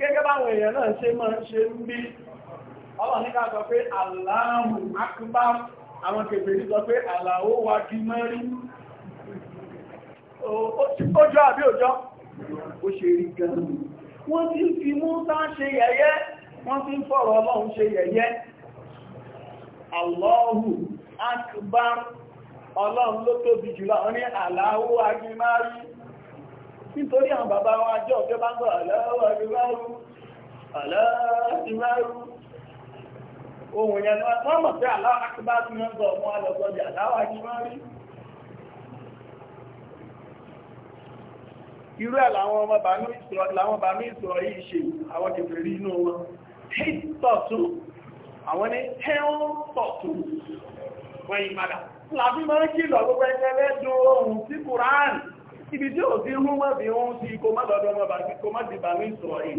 gẹ́gẹ́ báwọn èèyàn náà ṣe máa ṣe ń bí ọlọ́run ní sọ pé Allahu Akbar àwọn kèfèrí sọ pé Allahu wa kí mẹ́rí ojú àbí òjọ́ ó ṣe rí gan wọ́n ti fi Mùsá ṣe yẹ̀yẹ́ wọ́n ti ń ọlọ́run ṣe yẹ̀yẹ́ Allahu Akbar ọlọ́run ló tóbi jùlọ ní Allahu wa nítorí àwọn bàbá wa jọ ọ̀fẹ́ bá ń gbọ́ aláwọ̀ ìrárú aláàtìmárú ohun yẹn wọ́n mọ̀ pé aláwọ̀ akíbá tí wọ́n gbọ́ ọmọ alọ́gbọ́dì aláwọ̀ akímárú irú ẹ̀ làwọn ọmọ bàmí ìsọ̀rọ̀ yìí ṣe àwọn kèfèrí inú wọn hìtọ̀tù àwọn ní hẹ́ọ̀tọ̀tù wọ́n yìí padà láti mọ́ kí lọ gbogbo ẹgbẹ́ lẹ́dùn ohun sí kùránì ibi tí ò sí rú wẹ́bí oún sí kó má lọ́dọ́ ọmọ bàbí kó má dìbà ní ìsọ̀rọ̀ yìí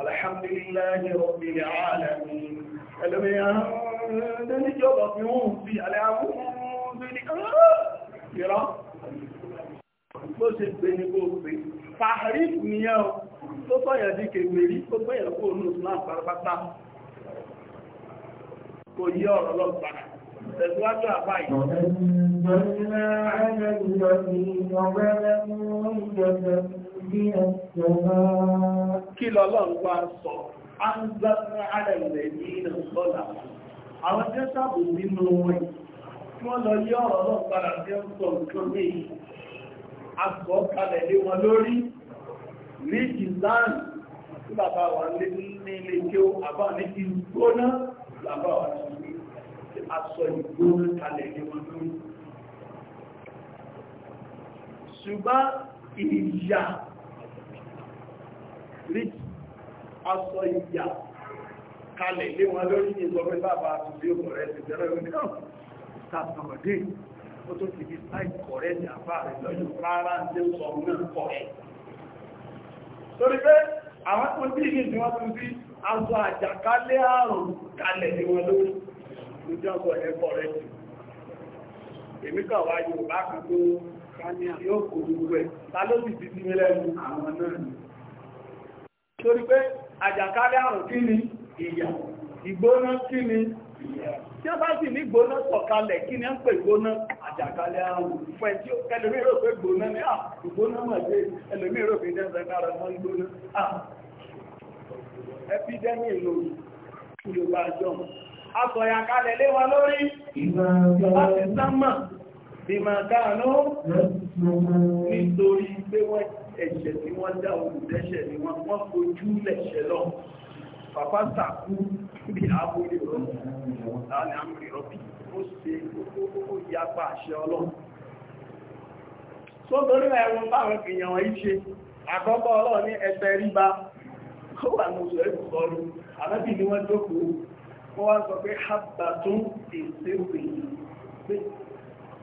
alhamdulillahi rabbil alamin ẹlẹ́mí ààrùn ní ìjọba fi oún sí alẹ́ Kò yí ọ̀rọ̀ lọ́gbàrá, ẹ̀sùwájú àbáyìí. أنزلنا على الذين ظلموا رجزا من السماء كلا الله أنزلنا على الذين ظلموا àwọn tí ó sáàbò nínú wọn tí wọ́n lọ yí ọ̀rọ̀ lọ padà tí ó ń sọ nǹkan ní àgbọ̀ kalẹ̀ lé wọn lórí rí ìzáàn tí bàbá wà ní ilé tí ó àbá ní ìgbóná bàbá wà ní ṣùgbọ́n ìyà rí aṣọ ìyà kalẹ̀ lé wọn lórí ìjọba bàbá àtúndé ọ̀rẹ́ ti jẹ́rọ ìwé náà sàtọ̀mọ̀dé ó tó ti di sáìtì kọ̀rẹ́ ní àbá rẹ̀ lọ́yìn rárá ń tẹ́ sọ náà kọ̀rẹ́ torí pé àwọn tó bí ní ìdíwọ́n tó bí aṣọ àjàkálẹ̀ àrùn kalẹ̀ lé wọn lórí ìjọba ẹ̀kọ́ kàníyàn yóò kò gbogbo torí pé àjàkálẹ̀ àrùn kí ni ìyà ìgbóná kí ni ìyà tí bá sì ní gbóná sọ̀kalẹ̀ kí ni ń pè gbóná àjàkálẹ̀ àrùn tí ó rò pé gbóná ní à ìgbóná mọ̀ sí ẹlòmí rò pé jẹ́ kára mọ́ gbóná bí máa dáànú nítorí pé wọ́n ẹ̀ṣẹ̀ tí wọ́n dá olùdẹ́ṣẹ̀ ni wọ́n wọ́n fojú lẹ̀ṣẹ̀ lọ pàpá sàkú bí àbúrí rọ́bì láàrin àmúrí rọ́bì ó ṣe ó yapa àṣẹ ọlọ́run tó torí ẹ̀rùn báwọn èèyàn wọ́n ṣe àkọ́kọ́ ọlọ́run ní ẹsẹ̀ ríba ó wà ní oṣù ẹ̀kù sọ́rọ̀ àmẹ́bì ni wọ́n jókòó wọ́n wá sọ pé hábà tún èsè òfin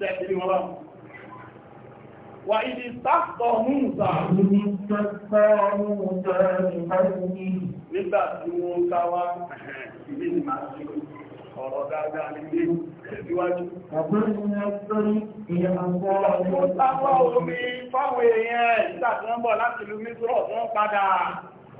tẹ́kiri wọn lọ́wọ́ wà ìdí sáfọ́ múùsà nígbà tí wọ́n káwá ìdí ni máa ṣe ọ̀rọ̀ dáadáa nílé ẹ̀síwájú ọ̀pọ̀ ìyàwó omi fáwọn èèyàn ìgbà tí wọ́n bọ̀ láti ìlú mísírọ̀ tí wọ́n padà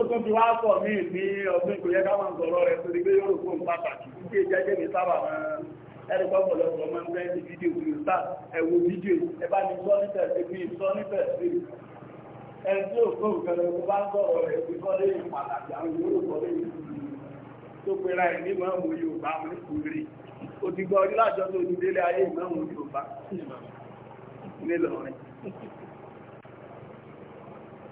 ó tún ti wá pọ̀ mí ní ọdún kò yẹ káwọn sọ̀rọ̀ rẹ̀ torí pé yóò fún pàtàkì tí ìjẹ́jẹ́ mi sábà ẹni pọ́pọ̀lọpọ̀ máa ń bẹ́ ní fídíò tí ó sá ẹ fídíò ẹ bá ní sọ́nífẹ̀ sí bí sọ́nífẹ̀ sí ẹni tí ò kó nǹkan lọ bá ń sọ̀rọ̀ rẹ̀ fi kọ́ lé pàtàkì àwọn yòówù kọ́ lé tó pera ẹ̀ ní mọ́ọ̀mù Yorùbá mú kúrì ó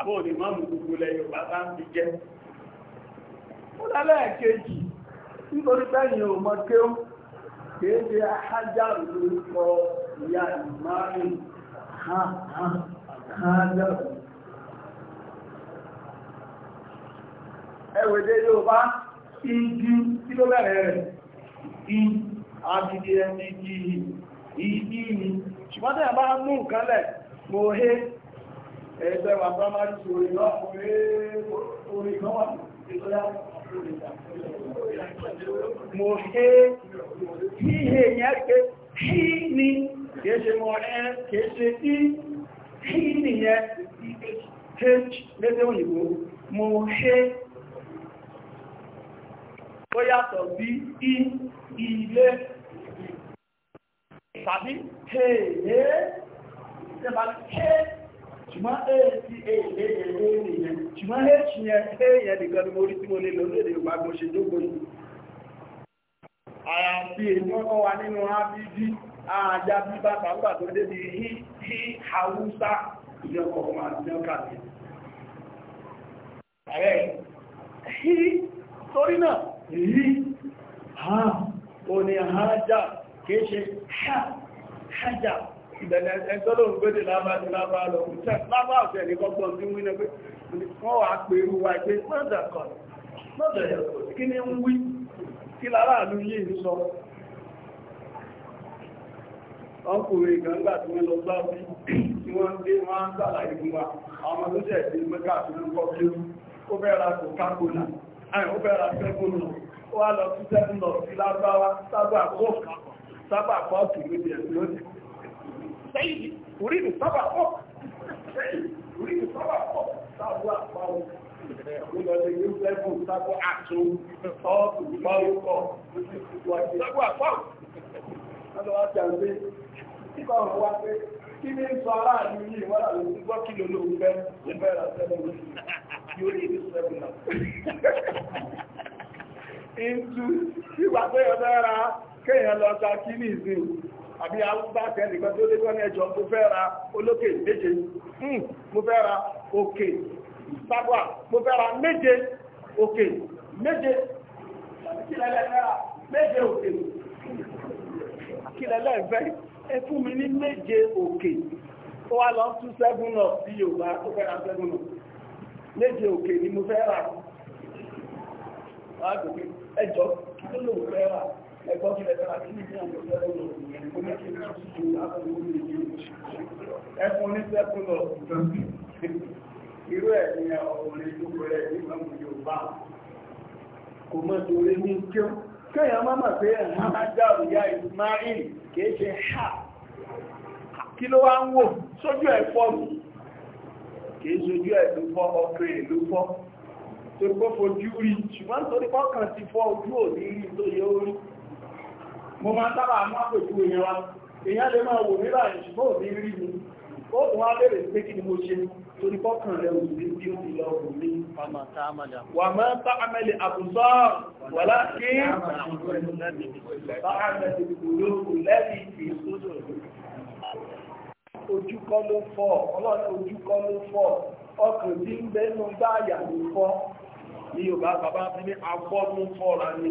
àbọ̀ òní mọ́mù gbogbo ụlọ Yorùbá bá ń fi jẹ́ ó lálẹ́ kejì nítorí bẹ́yìn ò mọ́ kéwú kìí ṣe ajáàrù lórúkọ ìyá ìmáàrin ajáàrù ẹwẹ̀dẹ́ Yorùbá ìdí kí ló bẹ̀rẹ̀ rẹ̀ ìdí ẹni ìdí ìdí ni ṣùgbọ́n bá ẹgbẹ́ wa máa ń ṣe orin náà orin kan wà mo ṣe híhe yẹn pé hí ni kìí mọ̀ ẹ́ kìí tí hí ni yẹn h lẹ́gbẹ́ òyìnbó mo ṣe ó yàtọ̀ bí i ilé tàbí hèèyé tẹ́bàtí hèèyé ṣùgbọ́n èyí tí èyí lè yẹ lórí nìyẹn ṣùgbọ́n èyí yẹn èyí yẹn nìkan ni mo rí tí mo lè lọ lóde ìgbà mo ṣe dógbò yìí àyàfi èyí ọkọ̀ wa nínú ábídí ààjá bí bàtà ha ò ní àájá ha hájá ìdẹ̀lẹ̀ ẹgbẹ́lò ń gbédè lábájú lábá lọ lábá ọ̀tẹ̀ ní kọ́kọ́ sí wí náà pé wọ́n wà pé irú wa pé mọ́dà kan mọ́dà kí ni ń wí kí lára àlú yìí ọkùnrin kan tí wọ́n lọ bá bí tí wọ́n ń dé wọ́n ń sàlàyé fún àwọn tó jẹ́ ìdí mẹ́kà tó ń kọ́ kí ó fẹ́ ra kò kákòlà àyìn ó fẹ́ ra sẹ́kùnù ó wá lọ sí sẹ́kùnù lọ sí lábáwá sábà kọ́ọ̀kì سيد أريد الصبع فوق سيد أريد pé kéèyàn lọ ta kí ní ìsìn àbí àwùgbàtẹ́ nìkan tó lé lọ́nà ẹjọ́ mo fẹ́ ra olókè méje hmm, mo fẹ́ ra òkè sábà mo fẹ́ ra méje òkè méje méje òkè kílẹ̀lẹ́ ẹ̀fẹ́ ẹ fún mi ní méje òkè ó wá lọ tún sẹ́gùn náà bí yorùbá tó fẹ́ ra sẹ́gùn náà méje òkè ni mo fẹ́ ra ẹjọ́ kí ló lò fẹ́ ra ẹgbọ́n kí lẹ́tọ́ àti níbi àwọn ìṣẹ́lẹ̀ òun kò ní kí ní ṣe látọ̀lú orí ìlú ẹkùn ní sẹ́kùnlọ̀ irú ẹ̀ ní ọ̀rẹ́ tó pẹ̀lẹ̀ nígbà mú Yorùbá kò mọ́ torí ní kí ó kẹ́yà má mà pé ẹ̀hán má já òyà Ismail kìí ṣe ha kí ló wá ń wò sójú ẹ̀ fọ́ mi kìí ṣojú ẹ̀ ló fọ́ ọkọ̀ ẹ̀ ló fọ́ tó gbọ́ fojú rí ṣùgbọ́n torí pọ́kàn ti fọ́ ojú òní rí tó yẹ orí mo máa sábà mú àpèjú èèyàn wa èèyàn lè máa wò nígbà ìṣùgbọ́n òní rí mi ó tún wá bèèrè pé kí ni mo ṣe torí fọ́kàn rẹ̀ òní bí ó ti lọ òní wà máa ń tààmẹ́lẹ̀ àbùsọ́ wà láti ojú kọ́ ló fọ́ ọlọ́run ojú kọ́ ló fọ́ ọkàn tí ń bẹ́nu bá àyà ló fọ́ ní Yorùbá bàbá fi ní afọ́ ló fọ́ra ní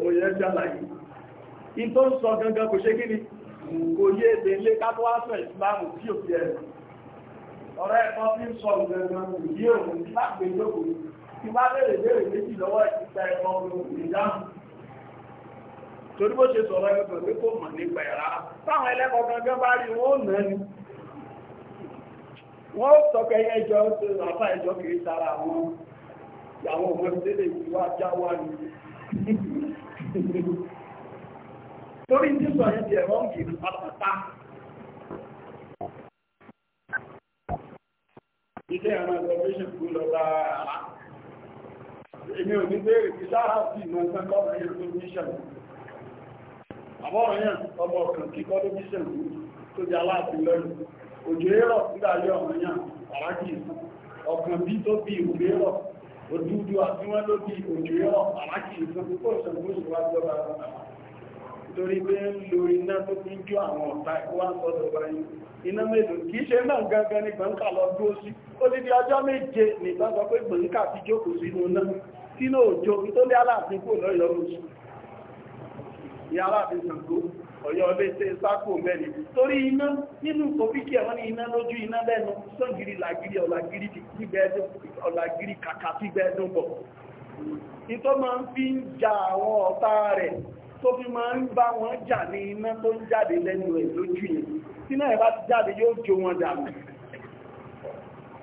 òun yẹn ṣàlàyé in tó ń sọ gangan kò ṣe kí ni kò yé èdè ilé kápọ́ àṣọ ìsìláàmù tí ò fi ẹ̀rù ọ̀rẹ́ ẹ̀kọ́ tí ń sọ gangan kò yé òun lágbè lókun tí bá bẹ̀rẹ̀ bẹ̀rẹ̀ méjì lọ́wọ́ ìta ẹ̀kọ́ ìdáhùn torí bó ṣe sọ̀rọ̀ ẹgbẹ̀ pé kò mọ̀ nípa ẹ̀rá táwọn ẹlẹ́kọ̀ọ́ gangan bá rí wọn ò náà ni wọ́n sọ̀kẹ́ ẹjọ́ tó àfá ẹjọ́ kìí sára àwọn ìyàwó ọmọ ìdílé ìwà jáwá ni torí tí sọ yẹn ti ẹ̀rọ ń kiri pátápátá. ilé àwọn ẹgbẹ̀rún kú lọ láàá èmi ò ní bèèrè kí sára sí ìmọ̀ ìsẹ́kọ́ ẹ̀yẹ tó ní ṣẹ̀lú àbọ̀rọ̀ yẹn ọmọ ọ̀kan kíkọ́ ló bí ṣẹ̀lú tó jẹ́ aláàfin lọ́lù òjò érọ̀ nígbà yọ ọ̀rọ̀ yẹn pàrákì ọ̀kan bí tó bí ìwé érọ̀ òdúdú àti wọ́n ló bí òjò yọ àwákì ìfúnkúkọ́ ìṣàmúlò wá jọba torí pé ń lo iná tó fi jó àwọn ọ̀tá ìwá ń sọ́dọ̀ wáyé iná mélòó kì í ṣe náà gangan ní gbọ́nkà lọ dúró sí ó lè di ọjọ́ méje nìkan sọ pé gbọ́nkà ti jókòó sínú náà sínú òjò tó lé aláàfin kò lọ́yọ̀ọ́ ọ̀yọ́ ọbẹ̀ ṣe sákò mẹ́rin torí iná nínú kòfíkì ẹ̀wọ́n ní iná lójú iná lẹ́nu sọ́gìrì làgìrì ọ̀làgìrì gbígbẹ́ẹ́dùn ọ̀làgìrì kàkà gbígbẹ́ẹ́dùn bọ̀ ìtọ́ máa ń fi ń ja àwọn ọ̀tá rẹ̀ tó fi máa ń bá wọn jà ní iná tó ń jáde lẹ́nu ẹ̀ lójú yẹn tí náà bá ti jáde yóò jó wọn dànù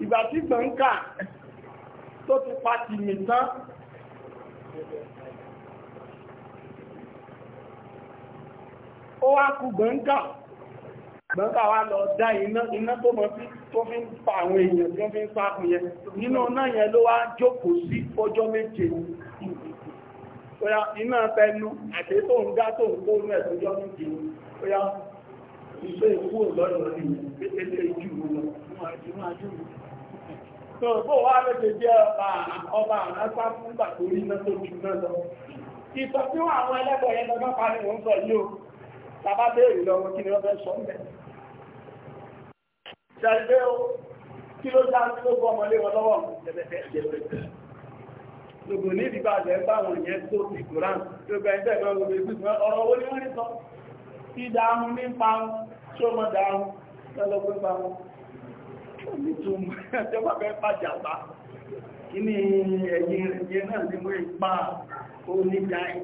ìgbà tí gbọ̀ǹkà tó ti pa tìmì tán ó wá kú gbọ́ǹkà gbọ́ǹkà wá lọ dá iná tó mọ́ sí tó fi ń pa àwọn èèyàn tó fi ń yẹn nínú náà yẹn ló wá jókòó sí ọjọ́ méje iná tẹnu àti tó ń dá tó ń kó inú ẹ̀ lọ́jọ́ méje ó yá ìgbé ìkú lọ́dọ̀ tàbá béèrè lọ́wọ́ kí ni wọ́n fẹ́ sọ mẹ́. ṣàlùfẹ́ o kí ló dá tó gbọ́ ọmọlé wọn lọ́wọ́ gbogbo ní ìdìbò àjẹ́ ń báwọn ìyẹn tó ti kúrán gbogbo ẹgbẹ́ ìgbà gbogbo ìgbìmọ̀ ọ̀rọ̀ owó ní wọ́n ní sọ kí dáhùn ní pàun tí ó mọ̀ dáhùn tó mọ̀ ni ẹ̀yìn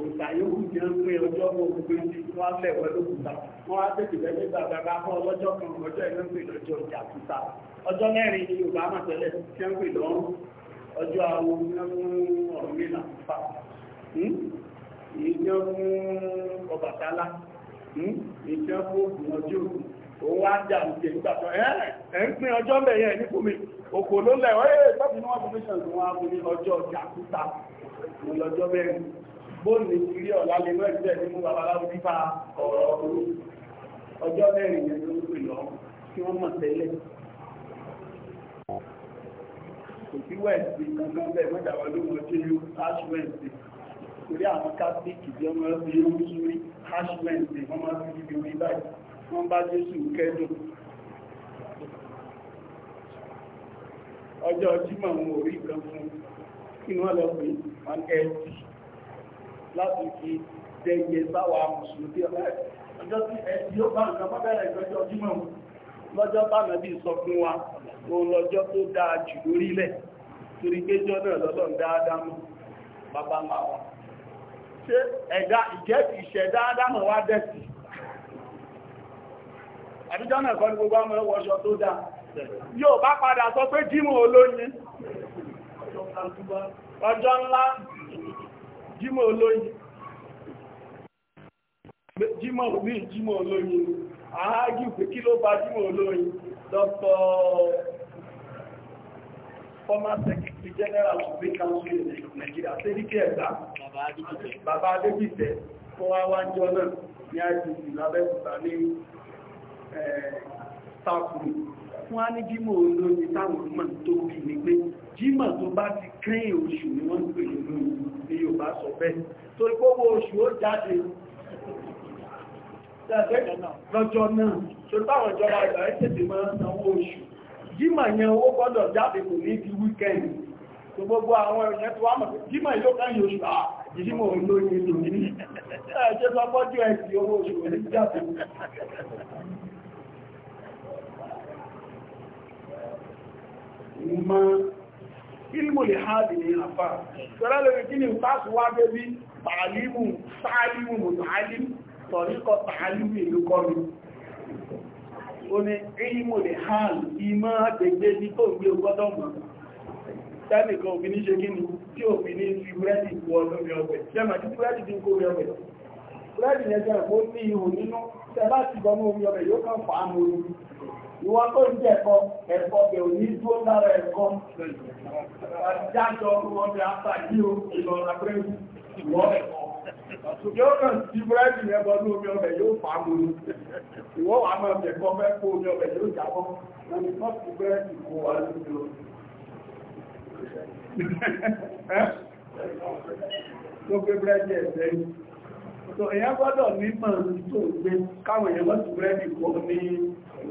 òǹtà yóò jẹ́ ń pé ọjọ́ òǹgbé wọ́n á lẹ̀wọ́ lókùúta wọ́n á tètè lẹ́gbẹ́ bàbá bá ọlọ́jọ́ kan ọjọ́ ìlú ń pè lọ́jọ́ ìjà kúta ọjọ́ mẹ́rin ni yorùbá máa tẹ́lẹ̀ ń pè lọ́rùn ọjọ́ àwọn ìjọ fún Ọbàtálá ìjọ fún ògùn ọjọ́ òun wá jà nígbà tó ń pín ọjọ́ mẹ́yẹ ní ọjọ́ bóòlù ìrírí ọ̀la lè mọ́ ìjẹ́ nínú babaláwo nípa ọ̀rọ̀ ọ̀rọ̀ ọjọ́ mẹ́rin yẹn ló pè lọ kí wọ́n mọ̀ tẹ́lẹ̀ kò sí wẹ́ẹ̀sì kankan bẹ́ẹ̀ mọ́jàwá ló mọ̀ tí yóò ash wẹ́ẹ̀sì torí àwọn kátólíkì tí wọ́n máa fi yóò sórí ash wẹ́ẹ̀sì wọ́n máa fi ibi orí báyìí wọ́n bá Jésù kẹ́dùn ọjọ́ Jímọ̀ wọn ò rí fún kí wọ́n lọ pé wọ́n kẹ́ẹ̀sì láti fi dẹ̀yẹ sáwà mùsùlùmí ọjọ́ tí ẹ̀sì ó bá nǹkan bẹ̀rẹ̀ ìgbẹ́jọ́ jímọ̀ lọ́jọ́ bá nàbí sọ fún wa tó dáa jù lórílẹ̀ torí Jọna náà lọ́lọ́ dáadáa bàbá máa wà. ṣé ẹ̀dá ìjẹ́ ìṣẹ̀dá ádámù wá dẹ̀sì jímọ̀ olóyin jímọ̀ ní jímọ̀ olóyin àájú pé kí ló bá jímọ̀ olóyin dr former secretary general of the council in Nigeria sẹ́ríkì ẹ̀dá bàbá adébìtẹ̀ fún àwájọ́ náà ní àìsìsì lábẹ́kùta ní ẹ̀ẹ́ eh, wọ́n á ní jímọ̀ olómi táwọn mọ̀ tó bí ní pé jímọ̀ tó bá ti kẹ́yìn oṣù ni wọ́n ń pè lórí ní Yorùbá sọ bẹ́ẹ̀ torí gbogbo oṣù ó jáde lọ́jọ́ náà tó táwọn ìjọba ìgbà ẹ́ tètè máa sanwó oṣù jímọ̀ yẹn owó gbọ́dọ̀ jáde kò ní di wíkẹ́ndì tó gbogbo àwọn èèyàn tó wá mọ̀ jímọ̀ ma ilmù lè ha dì ní àfà tọ́lá lórí kí ni ìfàṣù wá bẹ́ bí tààlímù tààlímù mùtàálímù tọ̀ríkọ tààlímù ìlú kọlu ó ní ilmù lè ha ìmọ̀ àgbègbè ní tó gbé ọgbọ́dọ̀ mọ̀ tẹ́nìkan òfin ní ṣe kí ni tí òfin ní fi búrẹ́dì wọ́n lórí ọgbẹ̀ búrẹ́dì yẹn jẹ́ ní ihò nínú tẹ bá ti gbọmú omi ọbẹ̀ yóò kàn fà á mú omi ìwọ tó ń jẹ ẹ̀kọ́ ẹ̀kọ́ bẹ̀ ò ní dúró lára ẹ̀kọ́ jájọ ọbẹ̀ apá yí o ìlọ́ra búrẹ́dì ìwọ ẹ̀kọ́ yóò kàn sí búrẹ́dì yẹn bọ́ ní omi ọbẹ̀ yóò fà á mú omi ìwọ wà máa bẹ̀ kọ́ fẹ́ kó omi ọbẹ̀ yóò jábọ́ omi tó ti búrẹ́dì kó tó èyàn gbọ́dọ̀ mímọ̀ tó gbé káwọn èyàn mọ́ ti búrẹ́dì kó ní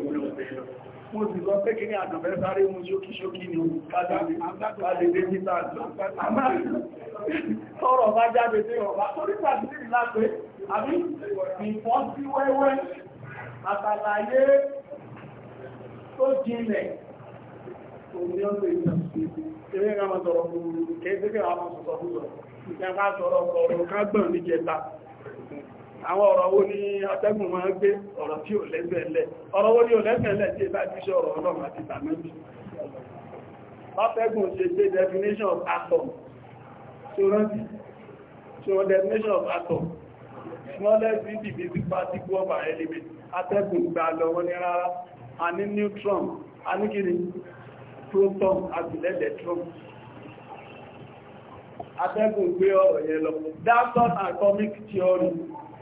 olóògbèlò mo sì sọ pé kí ní àtàfẹ́ sáré mú ṣókíṣókí ni kàdàdé títà àmà tọ́rọ̀ bá jáde tí ọba tó nígbà sí ìlàpẹ́ àbí ìfọ́n sí wẹ́wẹ́ àtàlàyé tó jinlẹ̀ òní ọ̀sẹ̀ ìtàkùn eré ìrànmọ̀ sọ̀rọ̀ kẹ́ẹ̀ẹ́sẹ́kẹ́ àwọn sọ̀rọ̀ sọ̀rọ̀ ìjẹba sọ̀rọ̀ sọ̀rọ̀ kágbọ̀n níjẹta àwọn ọ̀rọ̀ wo ni atẹ́gùn máa ń gbé ọ̀rọ̀ tí ò lẹ́sẹ̀lẹ̀ ọ̀rọ̀ wo ni ò tí bá ti ọ̀rọ̀ ọlọ́run àti tàmẹ́jì atẹ́gùn ṣe ṣe definition of atom so definition of atom smallest indivisible particle of our element atẹ́gùn gbà lọ wọ́n ní rárá a ní neutron a ní kìíní proton àti electron atẹ́gùn gbé ọ̀rọ̀ yẹn lọ Dalton atomic theory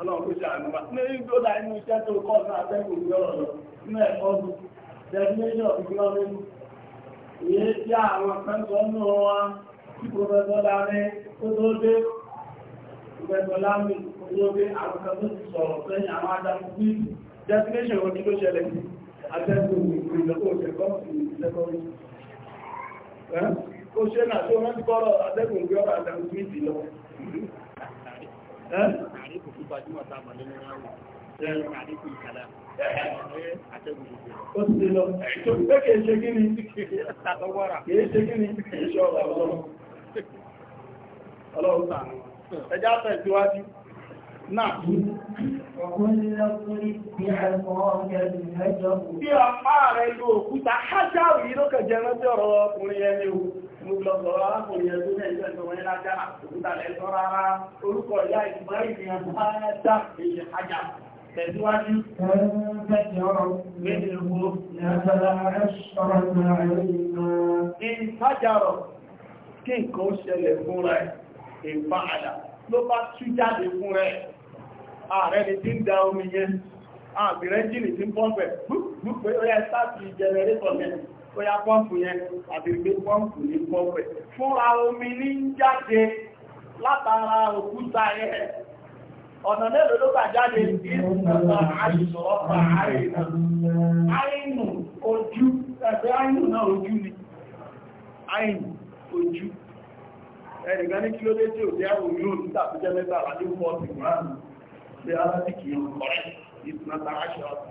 ọlọ́run kò ṣe àlùmá lórí tó dá inú iṣẹ́ tó kọ́ ní atẹ́gùn ní n'ụlọ. lọ nínú ẹ̀kọ́ Àríkù tó gbajúmọ̀ tá a mọ̀ nínú ẹ̀rọ. Àríkù ìkàlà. Àtẹ́gùn gbogbo. Ó ti lọ. Ètò pé kìí ṣe kí ni? Àtọwọ́ra. Kìí ṣe kí ni? Kìí ṣe ọ̀rọ̀ ọlọ́run. Ọlọ́run sàn. Ẹja tẹ̀síwájú. Náà. Bí ọ̀pá rẹ̀ lo òkúta, hájáwì ló kẹjẹ rántí ọ̀rọ̀ ọkùnrin ẹni o mo lọ sọ̀rọ̀ arákùnrin ẹ̀rọ náà ìgbẹ́ ìgbẹ́ wọn lájá òkúta lẹ́ sọ́rọ̀ ara orúkọ ìyá ìgbà ìrìn àjá èèyàn ajá tẹ̀síwájú ìfájàrọ̀ kí nǹkan ṣẹlẹ̀ fún rẹ̀ ìfáàdà ló bá tú jáde fún rẹ̀ ààrẹ ni tí ń da omi yẹn àbìrẹ́jìnì tí ń pọ́ǹpẹ̀ gbùgbùgbù ẹ̀ẹ́ sáàtì jẹnẹrétọ̀ mẹ́rin bóyá pọ́ǹpù yẹn àbí gbé pọ́ǹpù ní pọ́ǹpù fúnra omi ní jáde látara òkúta yẹn ọ̀nà mélòó ló gbà jáde ìrìnàmà àìsọ̀ ọ̀pá àìrìnà àìnù ojú ẹ̀fẹ́ àìnù náà ojú ni àìnù ojú ẹnìkan ní kí ló dé tí ò jẹ́ òyìn òní tàbí jẹ́ mẹ́ta àdínkù ọ̀sìn márùn-ún sí alábìkì ọ̀rẹ́ ìrìnàmà àìsọ̀ ọ̀pá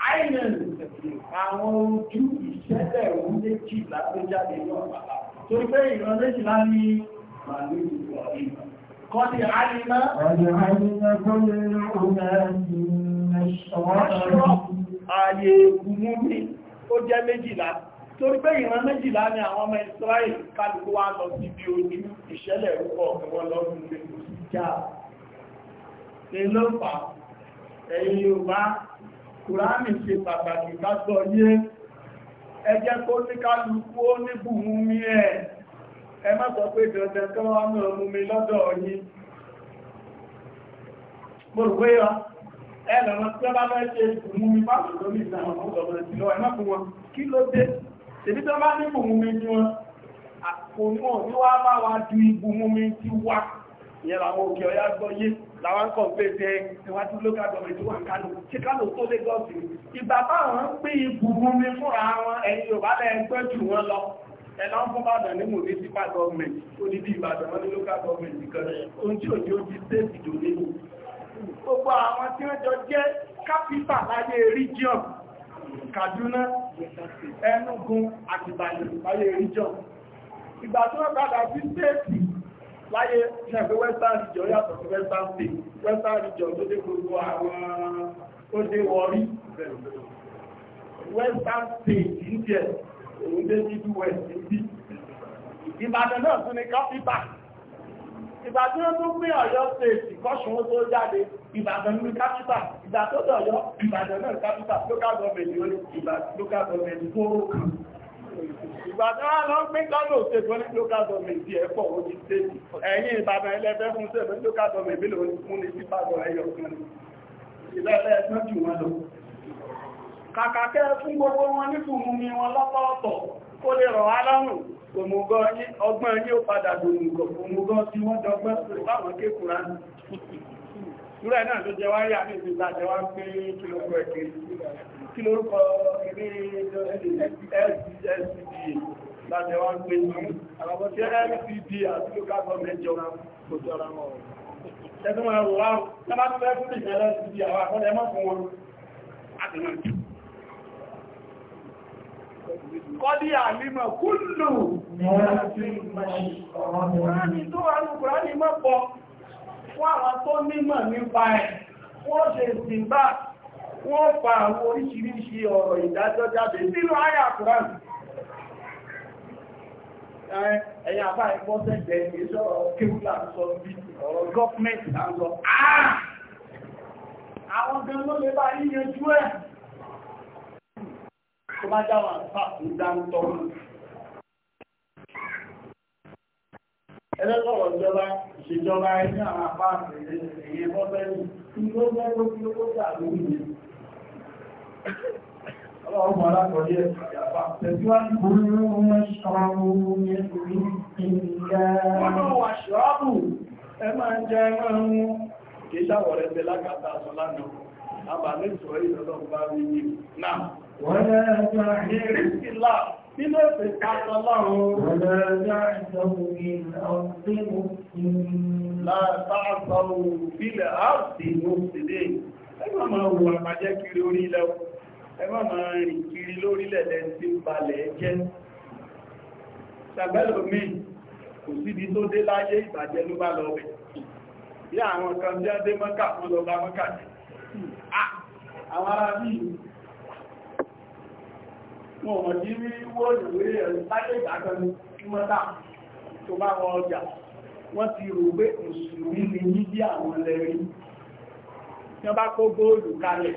island Ààyè ìgbùmú mi ó jẹ́ méjìlá. Torí pé ìran méjìlá ni àwọn ọmọ Ìsírẹ́lì kálùkù wá lọ sí bí ojú ìṣẹ̀lẹ̀ rúpọ̀ ọ̀pọ̀ lọ́dún lè kò sí já. Èlọ́pàá, ẹ̀yin Yorùbá, kùránì ṣe pàtàkì kágbọ́ yé ẹ jẹ́ kó ní kálukú ó ní bùnmí ẹ̀ ẹ má sọ pé dandan kọ́ wá mọ́ ọmọ mi lọ́dọ̀ yìí mo rò pé wa ẹ lọ́nà tí wọ́n bá fẹ́ ṣe bùnmí pàtàkì lórí ìlànà ọmọ ọmọ ìlọ ẹ má fún wọn kí ló dé ṣèbí tó bá ní bùnmí ni wọn àkóníwọ̀n tí wọ́n bá wá ju ibùnmí ti wá ìyẹn làwọn òkè ọ̀yá gbọ́ yé láwọn kọ̀m̀pé pé ìwájú ló gàgbọ̀ rẹ̀ tó wà kánò tí kánò tó lé gọ́ọ̀sì ìgbà báwọn ń pín ibùgbùn mi fúnra wọn ẹ̀yìn ò bá lẹ́ ẹgbẹ́ jù wọn lọ ẹ̀nà ń fọ́bàdàn ní municipal government ó ní bí ìbàdàn wọn ní local government kan ohun tí ò ní ó ti state ìdò nínú gbogbo àwọn tí wọ́n jọ jẹ́ capital láyé region Kaduna Enugu àti Ìbàdàn láyé region ìgbà tí wọ́n padà sí state láyé ṣẹ̀fẹ́ western region yàtọ̀ sí western state western region tó dé gbogbo àwọn tó dé wọrí western state india òun dé middle west níbí ìbàdàn náà tún ní capital ìbàdàn náà tún pín ọ̀yọ́ state kọ́ṣùn tó jáde ìbàdàn ní capital ìgbà tó dọ̀yọ́ ìbàdàn náà capital local government ìgbà tí wọ́n lọ gbé kánò ṣe fún ní local government di ẹ̀pọ̀ ojú ṣe ẹ̀yìn ìbàdàn ẹlẹ́fẹ́ fún ṣe fún local government bí lòun fún ní sípàdọ̀ ẹyọ kan ìlẹ́fẹ́ ẹ̀sán jù wọn lọ kàkàkẹ́ fún gbogbo wọn ní kùmù mi wọn lọ́pọ̀ọ̀tọ̀ kó lè rọ̀ wá lọ́rùn òmùgọ̀ ní ọgbọ́n ní ó padà gbòmùgọ̀ òmùgọ̀ tí wọ́n dọgbọ́n sí láwọn kékùnrà ní ìrẹ́ náà ló jẹ wáyé àmì ìgbìgbà jẹ wá ń pé kí kí lórúkọ eré lcda láti wá ń pè ní àwọn tí lcda àti local government jọra kò jọra mọ́ ẹgbẹ́ wọn rò wá lọ́wọ́ tó fẹ́ fún ìṣẹ́ lcda àwọn akọ́lẹ̀ mọ́ fún wọn láti náà Kọ́dí àlímọ̀ kúlù ní ọ̀rọ̀ tó wà ní Kùránì mọ́ pọ̀ fún àwọn tó nímọ̀ nípa ẹ̀ wọ́n ṣe ìsìnbá wọ́n fa àwọn oríṣiríṣi ọ̀rọ̀ ìdájọ́ jáde nínú àyà kùránì ẹ̀yà àbá ìpọ́sẹ̀jẹ̀ ìṣọ́rọ̀ kíwúlà sọ bí ọ̀rọ̀ gọ́ọ̀mẹ́ntì àjọ ah! àwọn gan ló lè bá yíyanjú ẹ̀ tó bá jáwà pàtó dáńtọ́ ẹlẹ́gbọ̀rọ̀ ìjọba ìṣèjọba ẹni àwọn àpá àti ìyẹn bọ́sẹ̀ اللهم لا تضيع كلوا واشربوا من رزق الله كلوا واشربوا ẹ máa jẹ ẹran mú kì í ṣàwọ̀ rẹ̀ lákàtà aṣọ lánàá àbà ní ìṣòro ìlọ́lọ́ bá rí ẹgbọ́n máa rìn kiri lórílẹ̀-èdè tí ń balẹ̀ jẹ́ sàbẹ́lòmí kò síbi tó dé láyé ìbàjẹ́ ló bá lọ bẹ̀ bí àwọn kan bí á dé mọ́kà fún lọ bá mọ́kà jẹ́ àwọn ará bí wọn ò ní rí wó ìwé ẹ̀rù láyé ìdákanú kí wọ́n ti rò pé òṣùlùmí ni yí bí àwọn lẹ́rí tí wọ́n bá kó góòlù kalẹ̀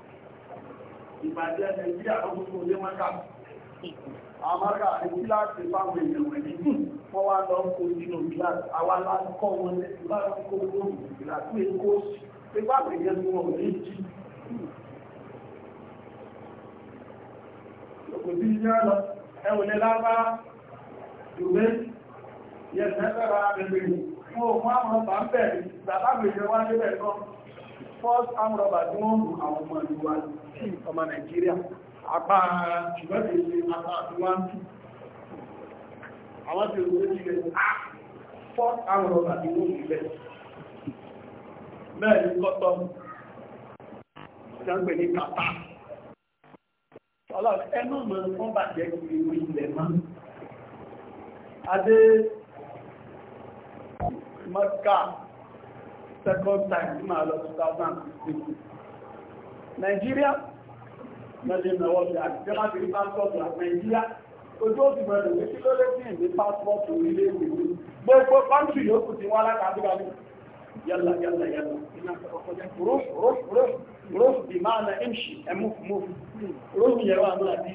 ìbàjẹ́ nàìjíríà lọ́gbọ́n tó lé mọ́ká àmọ́ká àti kíláàsì fáwọn èèyàn wẹ̀lẹ́ wọ́n wá lọ kó nínú kíláàsì àwa lákọ́ wọn lẹ́sìn bá wọn kó lóòrùn kíláàsì èkó pé bá pèjẹ́ tí wọn ò ní jí kò sí ní ọ̀nà ẹwùn ní lábá ìwé yẹ̀sẹ̀ fẹ́ra ẹgbẹ̀rẹ̀ fún òun àwọn ọba ń bẹ̀rẹ̀ bàbá gbèsè wá first arm robber tí wọ́n mú àwọn ọmọ ìlú wa ọmọ Nàìjíríà apá ṣùgbọ́n kì àwọn tí ó lè jílẹ̀ first arm robber tí wọ́n mú bẹ́ẹ̀ bẹ́ẹ̀ ní kọ́tọ́ ìjàngbẹ̀ ní kàtà ọlọ́run ẹnu mọ̀ wọ́n ilẹ̀ mọ́ second time tí máa lọ 2015 Nigeria mẹ́lẹ̀ mẹ́wọ́ sí àtijọ́lá ti passport Nigeria ojú òsì mẹ́lẹ̀ wé kí ló lé sí ìdí passport orílẹ̀ èdè gbogbo pàǹtì yòókù ti wá látàbíkà ní yálà yálà yálà rúf rúf rúf rúf bí máa na imṣi ẹmúf múf rúf yẹ wà ní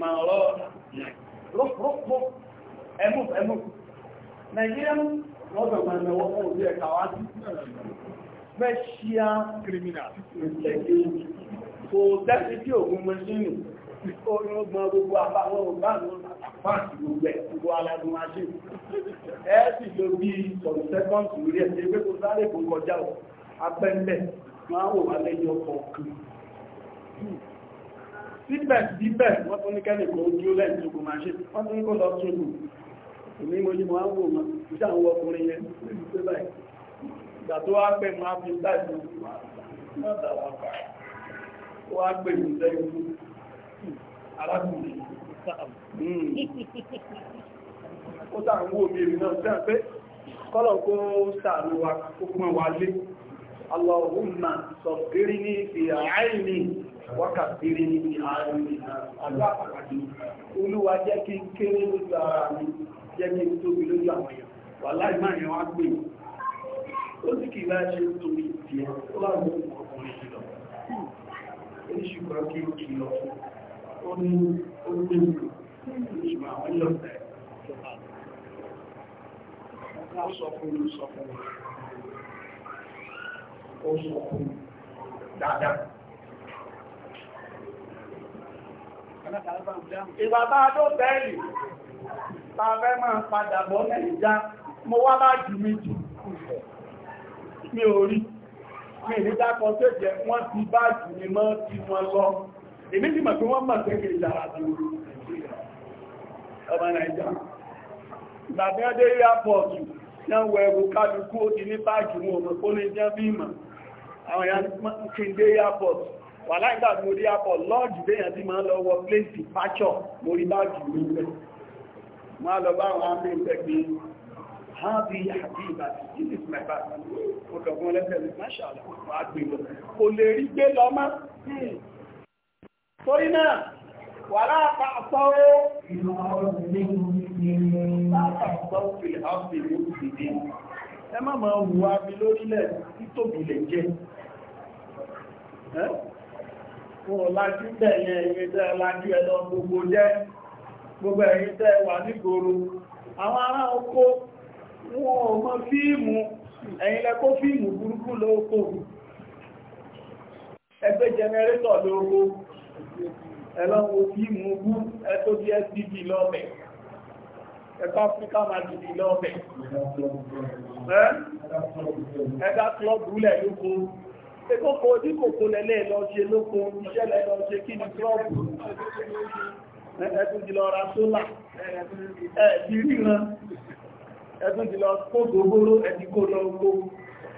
Ma máa rọ rúf rúf múf ẹmúf lọ́sọ̀ máa náwó fún òbí ẹ̀ka wá sí special criminal kò tẹ́sí tí ògùn mọ́ṣínì orin ọgbọ̀n gbogbo àbáwọn òbáàmù àpáàtì gbogbo ẹ̀ gbogbo alágun aṣe ẹ̀ sì ló bí sọ̀rọ̀ sẹ́kọ̀ǹtì lórí ẹ̀ pé kò sáré kò kọjá ọ̀ abẹ́ńbẹ́ máa wò wá lẹ́yìn ọkọ̀ kan síbẹ̀síbẹ̀ wọ́n tún ní kẹ́lẹ̀ kò ojú lẹ́yìn tó kò máa ṣe wọ́n tún ní kó lọ sóògùn èmi mo ní mo á wò ma ìṣe àwọn ọkùnrin yẹn níbi tó báyìí ìgbà tó wá pẹ́ máa fi dájú náà dàwà pa ó wá pè mí sẹ́yìn fún arákùnrin hmm. ó tà ń wò mí wa kó fi àáìní wákàtírí ní àáìní olúwa jẹ́ kí kéré lójú ara mi jẹ́ ní tóbi lójú àwọn èèyàn wà láì máa yẹn wá pè ó sì kì í bá ṣe tóbi ti ẹ̀ ó láàrín ọkùnrin kìlọ̀ oníṣùgbọ́n kí ó kìlọ̀ ó ní ó pè mí oníṣùgbọ́n àwọn ilọ̀ tẹ̀ wọ́n fún un sọ fún un ó sọ fún un dáadáa Ìgbàbá tó bẹ́ẹ̀lì tàbẹ́ máa padà bọ́ mẹ́rìnjá mo wá bá jù mí jù mi ò rí mi ní dákọ tó jẹ wọ́n ti bá jù mí mọ́ tí wọ́n lọ èmi sì mọ̀ pé wọ́n mọ̀ tẹ́kẹ̀ ìjàrà tó ọmọ nàìjà ìgbàgbé ọdẹ rí àpọ̀tù náà wọ ẹ̀wù kálukú ó ti ní báàjù mú ọmọ pọ́ lè jẹ́ bí ìmọ̀ àwọn èèyàn kí n dé airport wà láìgbà mo rí airport tí máa ń plane departure mo rí báàjù wọ́n á lọ bá àwọn àmì ìtẹ́gbé hábí àbí ìbàdí this is my bag mo kọ̀gbọ́n lẹ́sẹ̀ ní máṣàlá wọ́n á gbé lọ kò lè rí gbé lọ mọ́ hmm. torí náà wà láàpá àpọ́wọ́ ìlú ọ̀rọ̀ ẹ má máa wù wá bí lórílẹ̀ títòbí lè jẹ́ ẹ́ wọ́n lájú bẹ̀yẹn ìrìnlẹ̀ lájú ẹ̀lọ gbogbo jẹ́ gbogbo ẹ̀yìn tẹ́ wà nígboro àwọn ará oko wọn ò mọ fíìmù ẹ̀yin kó fíìmù burúkú lóko ẹgbẹ́ jẹnẹrétọ̀ lóko ẹlọ́wọ́ fíìmù bú ẹtó dstv lọ́bẹ̀ ẹ̀kọ́ áfíríkà màdìdì lọ́bẹ̀ ẹ̀dá klọ́bù lẹ̀ lóko ekókò ojú kòkó lẹ́lẹ́ iṣẹ́ kí ni klọ́bù ẹ̀ẹ́dún jùlọ ra sólà ẹ̀ẹ́dì ríran ẹ̀ẹ́dún jùlọ kó gbogbóró ẹ̀dì kó lọ oko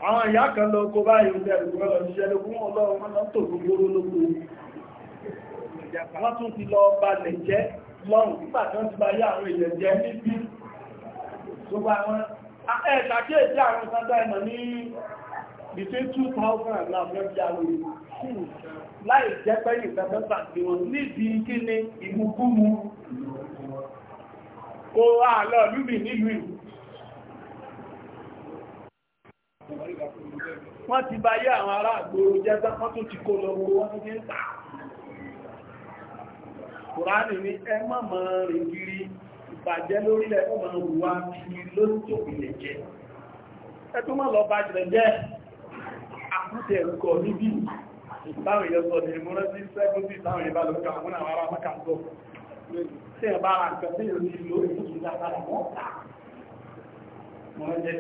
àwọn ìyá kan lọ oko báyìí oúnjẹ ìrùgbọ́n lọ ṣiṣẹ́ lókún ọlọ́run wọn lọ tó gbogbóró lóko wọ́n tún ti lọ balẹ̀ jẹ́ lọ́rùn nígbà tí wọ́n ti bayé àwọn èèyàn jẹ́ níbi tó bá wọn ẹ̀ẹ́dàkíyèsí àwọn sọ́dọ̀ ẹ̀nà ní between 2000 and 1900 láì jẹ́ pẹ́lú ìfẹ́fẹ́fà tí wọ́n níbi kí ni ìmúkúmú kó àlọ́ lúbì nílùú ìlú wọ́n ti bá yé àwọn ará àgbòrò jẹ́ tán tó ti kó lọ wọ́n tó ti ń tà kùránì ní ẹ mọ́ mọ́ rìn kiri ìbàjẹ́ lórílẹ̀ ọmọ òwúwá kiri lóòtò ilẹ̀ jẹ́ ẹ tó mọ́ jẹ́ jẹ́ ìbáwọn èèyàn sọ ní ìmúrẹ́ sí sẹ́gúnsì ìbáwọn èèyàn bá lọ kà àwọn àwọn ará mọ́kà sọ tí ẹ bá ra nǹkan tí yóò ní ìlú ìfúsù látara wọn kà wọn jẹ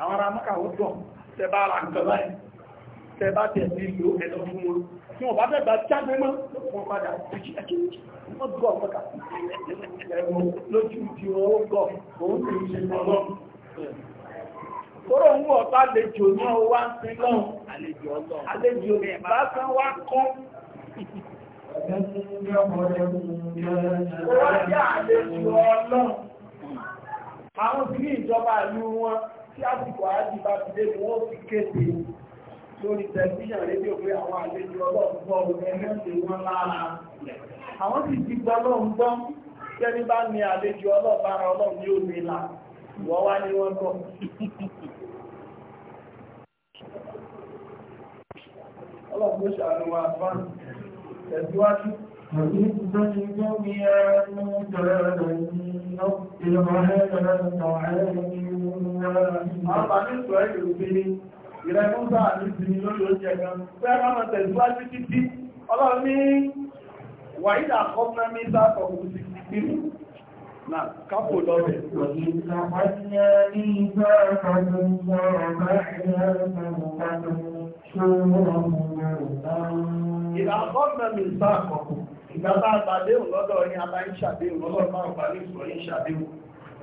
àwọn ará mọ́kà ó dùn tẹ bá ra nǹkan báyìí tẹ bá tẹ sí ìlú ẹ̀dọ́ fún wọn tí wọn bá fẹ́ gba jáde mọ́ wọn wọ́n gọ̀ ó ṣe ọlọ́run Tóró ń wọ̀ bá lejò náà wá ń sin lọ́hùn. Àlejò ọlọ́run. Àlejò lásán wá kọ́. Ó wá jẹ́ àlejò ọlọ́run. Àwọn sí ìjọba ìlú wọn tí àsìkò àájì bá ti dé wọ́n ti kéde lórí tẹ̀síṣàn rédíò pé àwọn àlejò ọlọ́run Àwọn sì ti gbọ́ lọ́hùn gbọ́ tẹ́ni bá ní àlejò ọlọ́run bára ọlọ́run ní òmìnira. Wọ́n wá ní wọ́n gbọ́. ọlọ́gbọ́ ṣàánú wa bá tẹ̀síwájú Ìrẹ́músà àti ìsinmi lórí oúnjẹ kan, fẹ́ràn ọmọ tẹ̀síwájú títí, ọlọ́run ní wàídà kọ́mọ́ mítà ọkùnrin sí ìpínlẹ̀. Náà, kápò lọ́rẹ̀. Wàídà Ìgbà ọ̀gbọ́n mi sá àkọ́kọ́, ìgbà bá àgbàdéhùn lọ́dọ̀ ní aláìṣàdéhùn lọ́dọ̀ máa ń parí ìṣòro ìṣàdéhùn.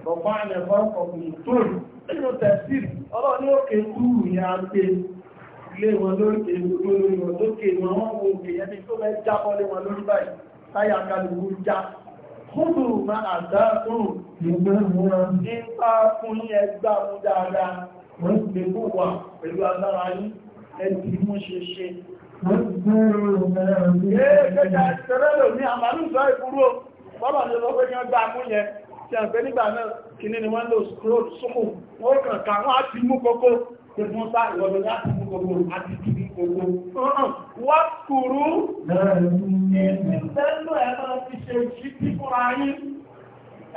Bọ̀pá ẹ̀fọ́ ọkùnrin tó rí nínú tẹ̀síìl, ọlọ́ ní òkè túrù ní a ń pè lé wọn lórí èdè lórí wọn lókè wọn wọ́n wo òkè yẹn tó mẹ́ jábọ́ lé wọn lórí báyìí, Kúrù máa àdá tó ní bá ní ẹgbàá dáadáa, wọ́n ti gbé wà pẹ̀lú agbára yìí ẹ̀sì mú ṣe ṣe tí a ń pẹ́ nígbà náà kìíní ni wọ́n lò scroll súnkù wọ́n kàn ká wọ́n á ti mú kókó tí fún sá ìwọ̀lọ́ láti mú kókó àti kìíní kókó wọ́n kúrú ní ìpínlẹ̀ ẹ̀mọ́ ti ṣe ìṣí tí fún ayé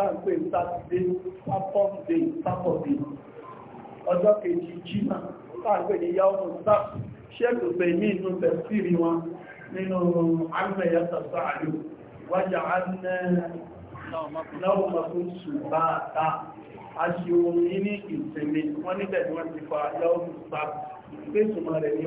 táǹpé sátidé sápọ́ǹdé sápọ̀dé ọjọ́ kejì jímà táǹpé ní yàwó sáà ṣẹ́kù pé ní inú tẹ̀sírí wọn nínú àmìyà sàtàlù wájà láwọ́mọ̀kún ṣùgbáta aṣe omi ní ìsinmi wọ́n níbẹ̀ ni wọ́n ti fa yàwó sáà pé ṣùgbọ́n rẹ̀ ní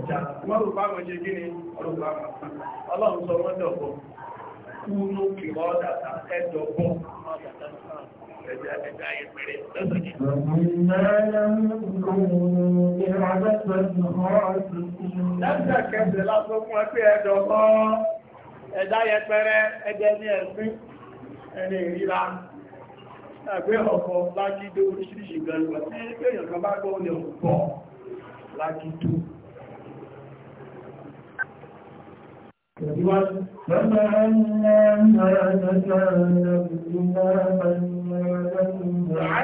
kọjá mọ́rù bá mọ́ jẹ́ gíní ọlọ́run sọ wọ́n dọ̀bọ̀ kúrú kì ọ́ dàtà ẹ̀dọ̀bọ̀ ẹ̀dà ìpẹ̀rẹ̀ lọ́sọ̀jẹ́ ẹ̀dà ìpẹ̀rẹ̀ ẹ̀dẹ̀ ní ẹ̀sìn ẹni ìríra ẹgbẹ́ ọ̀pọ̀ lágídó oríṣiríṣi ìgbẹ̀lú ẹ̀ tí èèyàn kan bá gbọ́ ní ọ̀pọ̀ lágídó فما جعلنا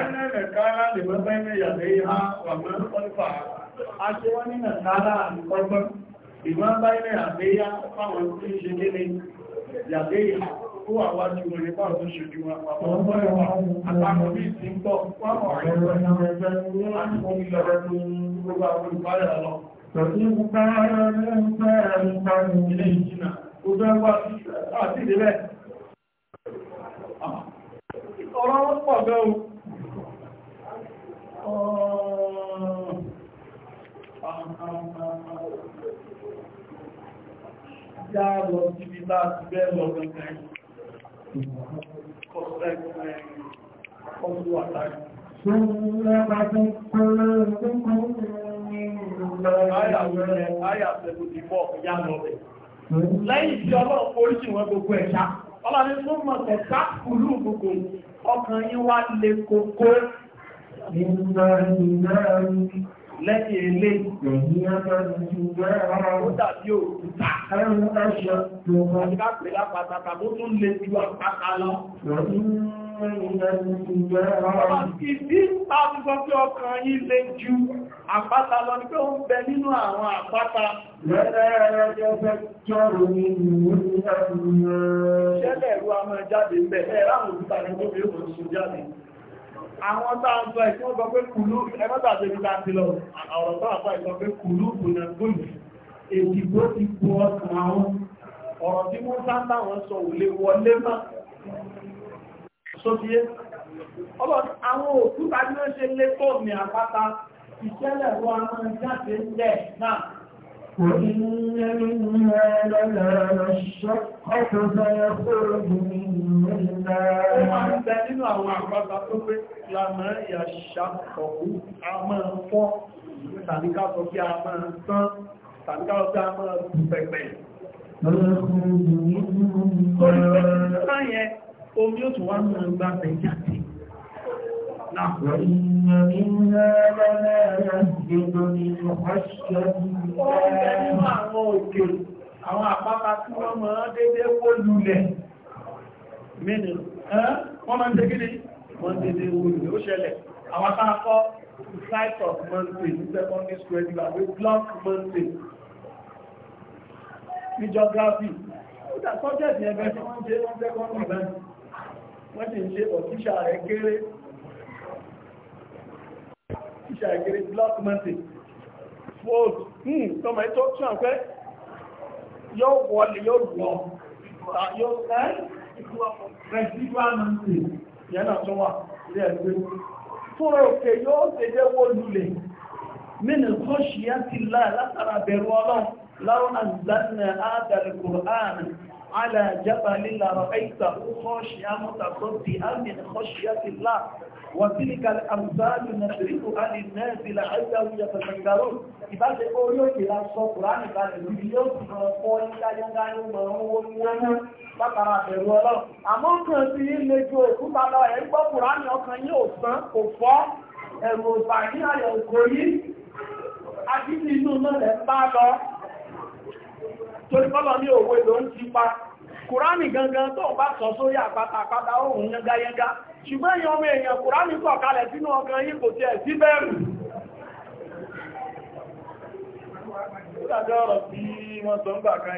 نكالا لمن بين يديها ومن خلفها aṣe wọ́n ní nàkàrà àkọ́gbọ́n ìwọ́n bá ilẹ̀ àgbéyá fáwọn tí ń ṣe nílé yàgbé ìhà tó wà wájú rẹ̀ fáwọn tó ṣojú wọn pàpọ̀ ọgbọ́n ẹ̀wọ̀n àtàkùn bí ti ń bọ̀ fáwọn ọ̀rẹ́ فإذ قال موسى لقومه Àti ìdílẹ̀. Ọ̀rọ̀ wọn pọ̀ gan-an. Yá lọ síbi láti bẹ́ lọ gan-an. Kọ̀sẹ̀ ọdún àtàrí. ثم قد قلوبكم Lẹ́yìn tí ọlọ́run oríṣìí wọn gbogbo ẹ̀ṣá, ọlọ́run tó mọ̀ tẹ̀ká kùlú gbogbo ọkàn yín wá lè kókó. Nínú ìlú lẹ́yìn ilé ìgbẹ̀yìn ó dàbí òkúta ẹ̀rùn ẹ̀ṣọ́ tó kọ́. Àti ká pè lápàtàkà tó tún lè ju àpáta lọ. Ìdí tàbí sọ pé ọkàn yìí lè ju àpáta lọ ní pé ó ń bẹ nínú àwọn àpáta. Ṣẹ́lẹ̀ a máa jáde ń bẹ̀ ẹ̀ráhùn òkúta ní tó bí ó mọ̀ sí jáde. Àwọn táa ń sọ ìfún ọgbọ́ pé kùlú ẹgbọ́ta tẹ́bí láti lọ, ọ̀rọ̀ bá àpá ìsọ pé kùlú kùnà gùnù, èdìgbò ti kú ọkàn àwọn ọ̀rọ̀ tí wọ́n sáńtà wọn sọ ò sóbíé ọlọ́run àwọn òkúta ní ó ṣe lé tó ní àpáta ìṣẹ́lẹ̀ wọn a máa jáde ńlẹ̀ náà وإن منها لما الشقة فيخرج منها Ìgbà nínú àwọn àpáta tó pé lámọ́ ìyàṣàkọ̀kú, a máa fọ́, tàbí ká sọ kí a máa tán, tàbí ká sọ kí a máa pẹ̀pẹ̀. Ọlọ́run omi ó tún wá ń rán gbá bẹ̀ jáde Àwọn àpáta tí wọ́n mọ̀ ọ́n dédé wó lulẹ̀. Mínú, wọ́n máa ń dé gíní? Wọ́n dédé wó lulẹ̀, ó ṣẹlẹ̀. Àwọn àpáta site of mountain ní secondary school ẹgbẹ̀rẹ̀ àwẹ́ block mountain. Ní geography, ó dà sọ́jẹ́ ìdí ẹgbẹ́ tí wọ́n jẹ́ wọ́n secondary mountain wọ́n ti ń ṣe ọ̀tíṣà rẹ̀ kéré tíṣà ìkéré black mountain fold hmm tọ́mọ ẹ̀ tó tún àpẹ́ yóò wọlé yóò lọ yóò ẹ́ residual mountain yẹn náà tún wà ilé ẹgbẹ́ fúnra òkè yóò tẹ́jẹ́ wó lulẹ̀ mínú kọ́ ṣíyá ti láà látara bẹ̀rù ọlọ́run láwọn àzánà ádàlẹ̀ kùránì على جبل لرأيته خاشعا متصدعا من خشية الله وتلك الأمثال نضربها للناس لعلهم يتفكرون ìbáṣe orí òkè la sọ kùránì kalẹ̀ lórí yóò sì máa kọ́ yíkáyíká ní ọmọ owó ní ọmọ látara àbẹ̀rù ọlọ́run àmọ́ kan sí ilé ju òkú bàbá ẹ̀ ń gbọ́ kùránì ọkàn yìí ò sán kò fọ́ ẹ̀rù òbà ní àyẹ̀wò kò yí àti nínú náà lẹ́ ń bá lọ torí bọ́lọ̀ ní òwe ló ń ti pa kùránì gangan tó bá sọ sórí àpáta àpáta ohun yẹngayẹnga ṣùgbọ́n èèyàn ọmọ èèyàn kùránì kọ̀ kalẹ̀ sínú ọkàn yìí kò tiẹ̀ sí bẹ̀rù ìdájọ́ ọ̀rọ̀ tí wọ́n sọ ń gbà kan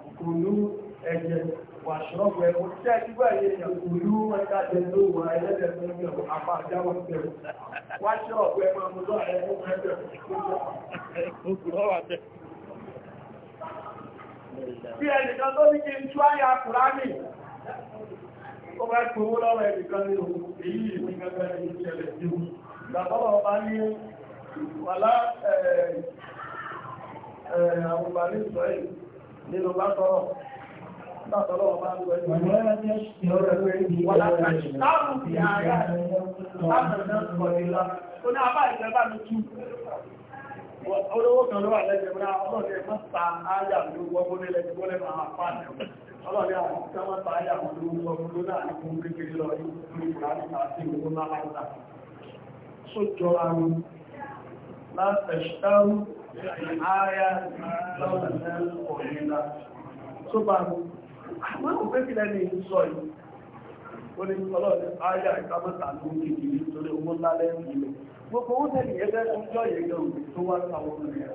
kùlú ẹ̀jẹ̀ wàṣọ́ọ̀bù ẹ̀kọ́ tí a ti báyìí èèyàn kùlú mẹ́tàjẹ́ ló wà ẹlẹ́dẹ̀ẹ́gbẹ̀rún apá àjáwọ̀ bẹ̀rẹ̀ wàṣọ́ọ̀bù ẹ̀mọ̀ ọmọdọ́ ẹ̀kọ́ mẹ́tàjẹ́ Bí ẹnìkan tó ní kí n tú àyà Kùránì, ó bá kò owó lọ́wọ́ ẹnìkan ní òun, èyí ìwé gẹ́gẹ́ ní ìṣẹ̀lẹ̀ tí ó. Ìgbàtọ́lọ̀ ọba ní wà lá àwọn ìbàlẹ̀ ìsọ̀rẹ̀ nínú bá sọ̀rọ̀ Wọ́n láti ṣáàrùn sí ààrẹ láàrín náà kọ̀ nílá. Ó ní àbá ìjọba mi tú olówó kan ló wà lẹ́jẹ̀ mọ́ra ọlọ́dẹ mọ́ta ayà lórúkọ gbóní lẹ́jẹ̀ gbóní máa máa fà ní ọlọ́dẹ àwọn tí wọ́n ta ayà wọn lórúkọ gbóní náà ní fún kékeré lọ ní ìfúrání àti ìwò náà láìta sójọ àrùn látẹ̀ṣtárù aya lọ́nà òyìnbá tó bá mú àwọn òpé kí lẹ́ni sọ yìí ó ní ọlọ́ọ̀dẹ́ aya ìkámọ́ta ló ń kìí kìí torí owó lálẹ́ ìlẹ̀ gbogbo owó tẹ́lẹ̀ ẹgbẹ́ tó jọ ìgbẹ́ òkè tó wá sáwọn rẹ̀